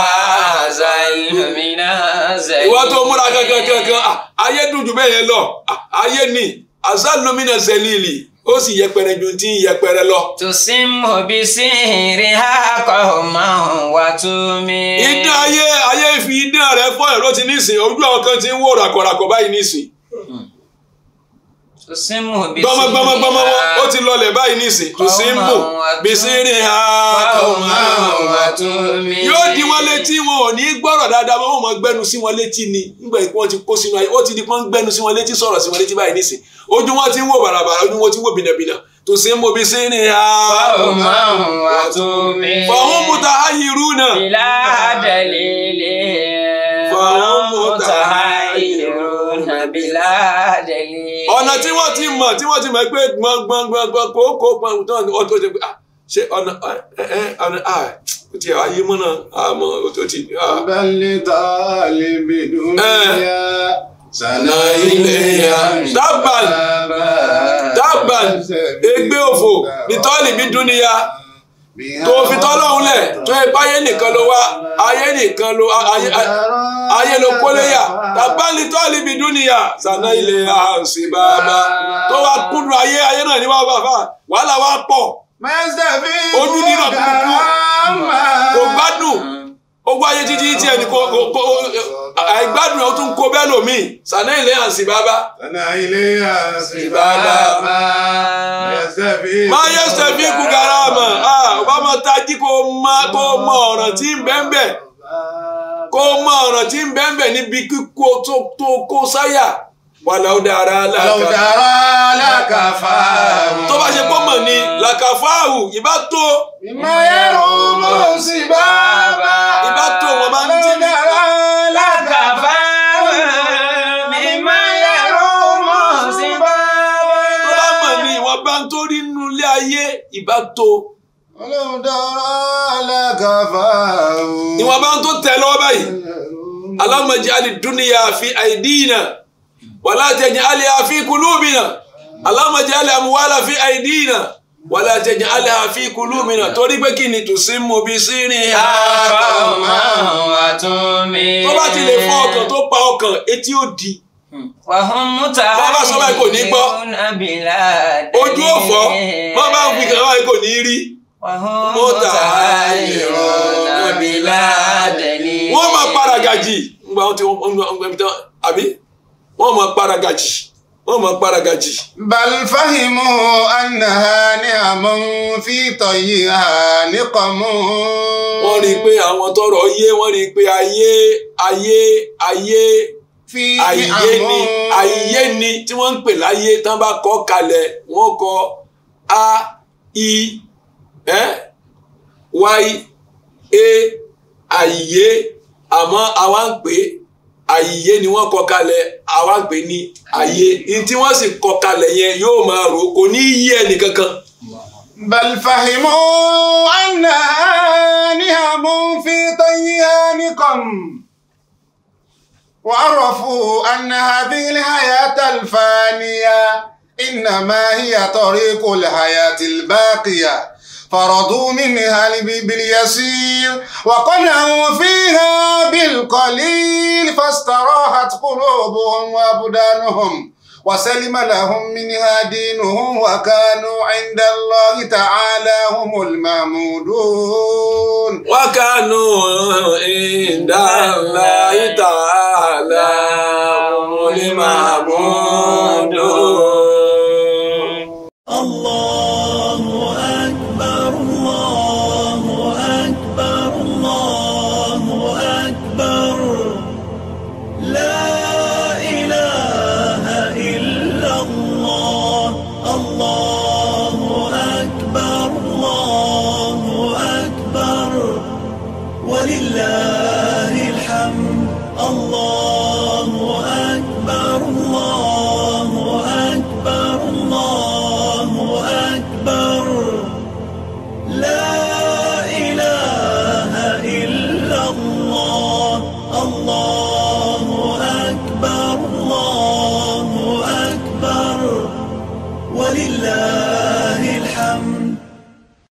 àzà ìlúmínà àzà ìlú. ìwọ tó múra kankan kankan ah, ayé dùn jù bẹ́ẹ̀ yẹn lọ ah, ayé ni àzà ìlúmínà zẹlíìlì ó sì yẹpẹrẹ ju tí ń yẹpẹrẹ lọ. tòsí mo bí sí ìrìn àkọ́ máa wà tú mi. idán ayé ayé fi idán rẹ fọ ẹ̀rọ ti nísìn ojú àwọn kan ti ń wò ràkọ̀ràkọ̀ báyìí nísìn gbọmọgbọmọgbọmọ ó ti lọlẹ̀ báyìí nísìn tó sì ń bò bísírì ha yóò di wọn létí wọn ò ní gbọ́rọ̀ dáadáa wọn ò mọ gbẹnu sí wọn létí ni nígbà tí wọn ti kó sínú ayé ó ti di pọn gbẹnu sí wọn létí sọ̀rọ̀ sí wọn létí báyìí nísìn ojú wọn ti ń wò bàràbàrà ojú wọn ti ń wò bìnàbìnà tó sì ń bò bísírì ha. fọ̀hún mutahayiru náà. ìlà àdàlẹ́ ọ̀nà tí wọ́n ti mọ̀ tí wọ́n ti mọ̀ pé gbọ̀ngbọ̀ngbọ̀ngbọ̀n kókó pọ̀n tán ọ̀ tó ṣe pé ah, ṣe ọ̀nà ẹ̀ ọ̀nà ẹ̀ ti ayé mọ́nà àmọ́ ó ti. abẹ́lẹ́ tá a lè bèdú níyà sànà ilé yà. dábàá dábàá ẹgbẹ́ òfò ní tọ́ọ̀lì bí dúnìyà tó fi tọ́lọ́hún lẹ̀ tó ẹ báyé nìkan ló wá ayé nìkan ló ayé ló kóléyà tàbálí tọ́lì bí dúnìyà sànà ilé àǹsì bàbá tó wá kúndùn ayé ayé náà ní wàá bàbá wàhálà wàá pọ̀ ojú nínà kúkú kò gbádùn. ogun ayé jíjí tí ẹnì kò kò àìgbádùn ọtún kó bẹ́ẹ̀ lómi sànà ilé àǹsì bàbá. sànà ilé àǹsì bàbá máa yẹ kú gara ọba máa tají kó mọ ọ̀ràn tí ń bẹ́ẹ̀ kó mọ ọ̀ràn tí ń níbi wàláwùdàrà làkàfà. làkàfà. tó bá ṣe pọ́nmọ̀ ni làkàfà àwù ìbá tó. ìmọ̀ ẹ̀rù mọ̀ sí bàbá. ìbá tó wọn máa ń jí mi. ìbá tó. ọlọ́run dára alágàfà o. ìwọ̀n bá ń tó tẹ̀ lọ́wọ́ báyìí. alámọ̀jẹ́ alìdúnìyà fi àìdíyìnà. ولا تجعلها في قلوبنا اللهم اجعل أموال في أيدينا ولا تجعلها في قلوبنا torí pé kí ni tùsín mú bí sírì ha tó bá ti lè fọ ọkàn tó pa ọkàn etí ó di. Hmm. wàhùn múta bàbá sọ báyìí ní gbọ́ ojú ò bàbá òfin kan báyìí kò ní rí múta wọ́n máa para gàjì àbí wọ́n mọ̀ paragajì wọ́n mọ̀ paragajì. balfahimu anaha ni àmọ́ fi tọ̀yì ha níkọ̀mú. wọ́n rí i pé àwọn tọrọ yé wọ́n rí i pé ayé ayé ayé ayé ni ayé ni tí wọ́n ń pè láyé tán bá kọ kalẹ̀ wọ́n kọ a i ẹ́ y a ayé àmọ́ àwa ń pè é àyè ni wọ́n kọ kalẹ̀ àwa gbé ní àyè ntí wọ́n sì kọ kalẹ̀ yẹn yóò máa rò kò ní yí ẹnì kankan. بل فهموا أنها نهم في طيها نقم وعرفوا أن هذه الحياة الفانية إنما هي طريق الحياة الباقية فرضوا منها باليسير وقنعوا فيها بالقليل فاستراحت قلوبهم وأبدانهم وسلم لهم منها دينهم وكانوا عند الله تعالى هم المعمودون وكانوا عند الله تعالى هم المعمودون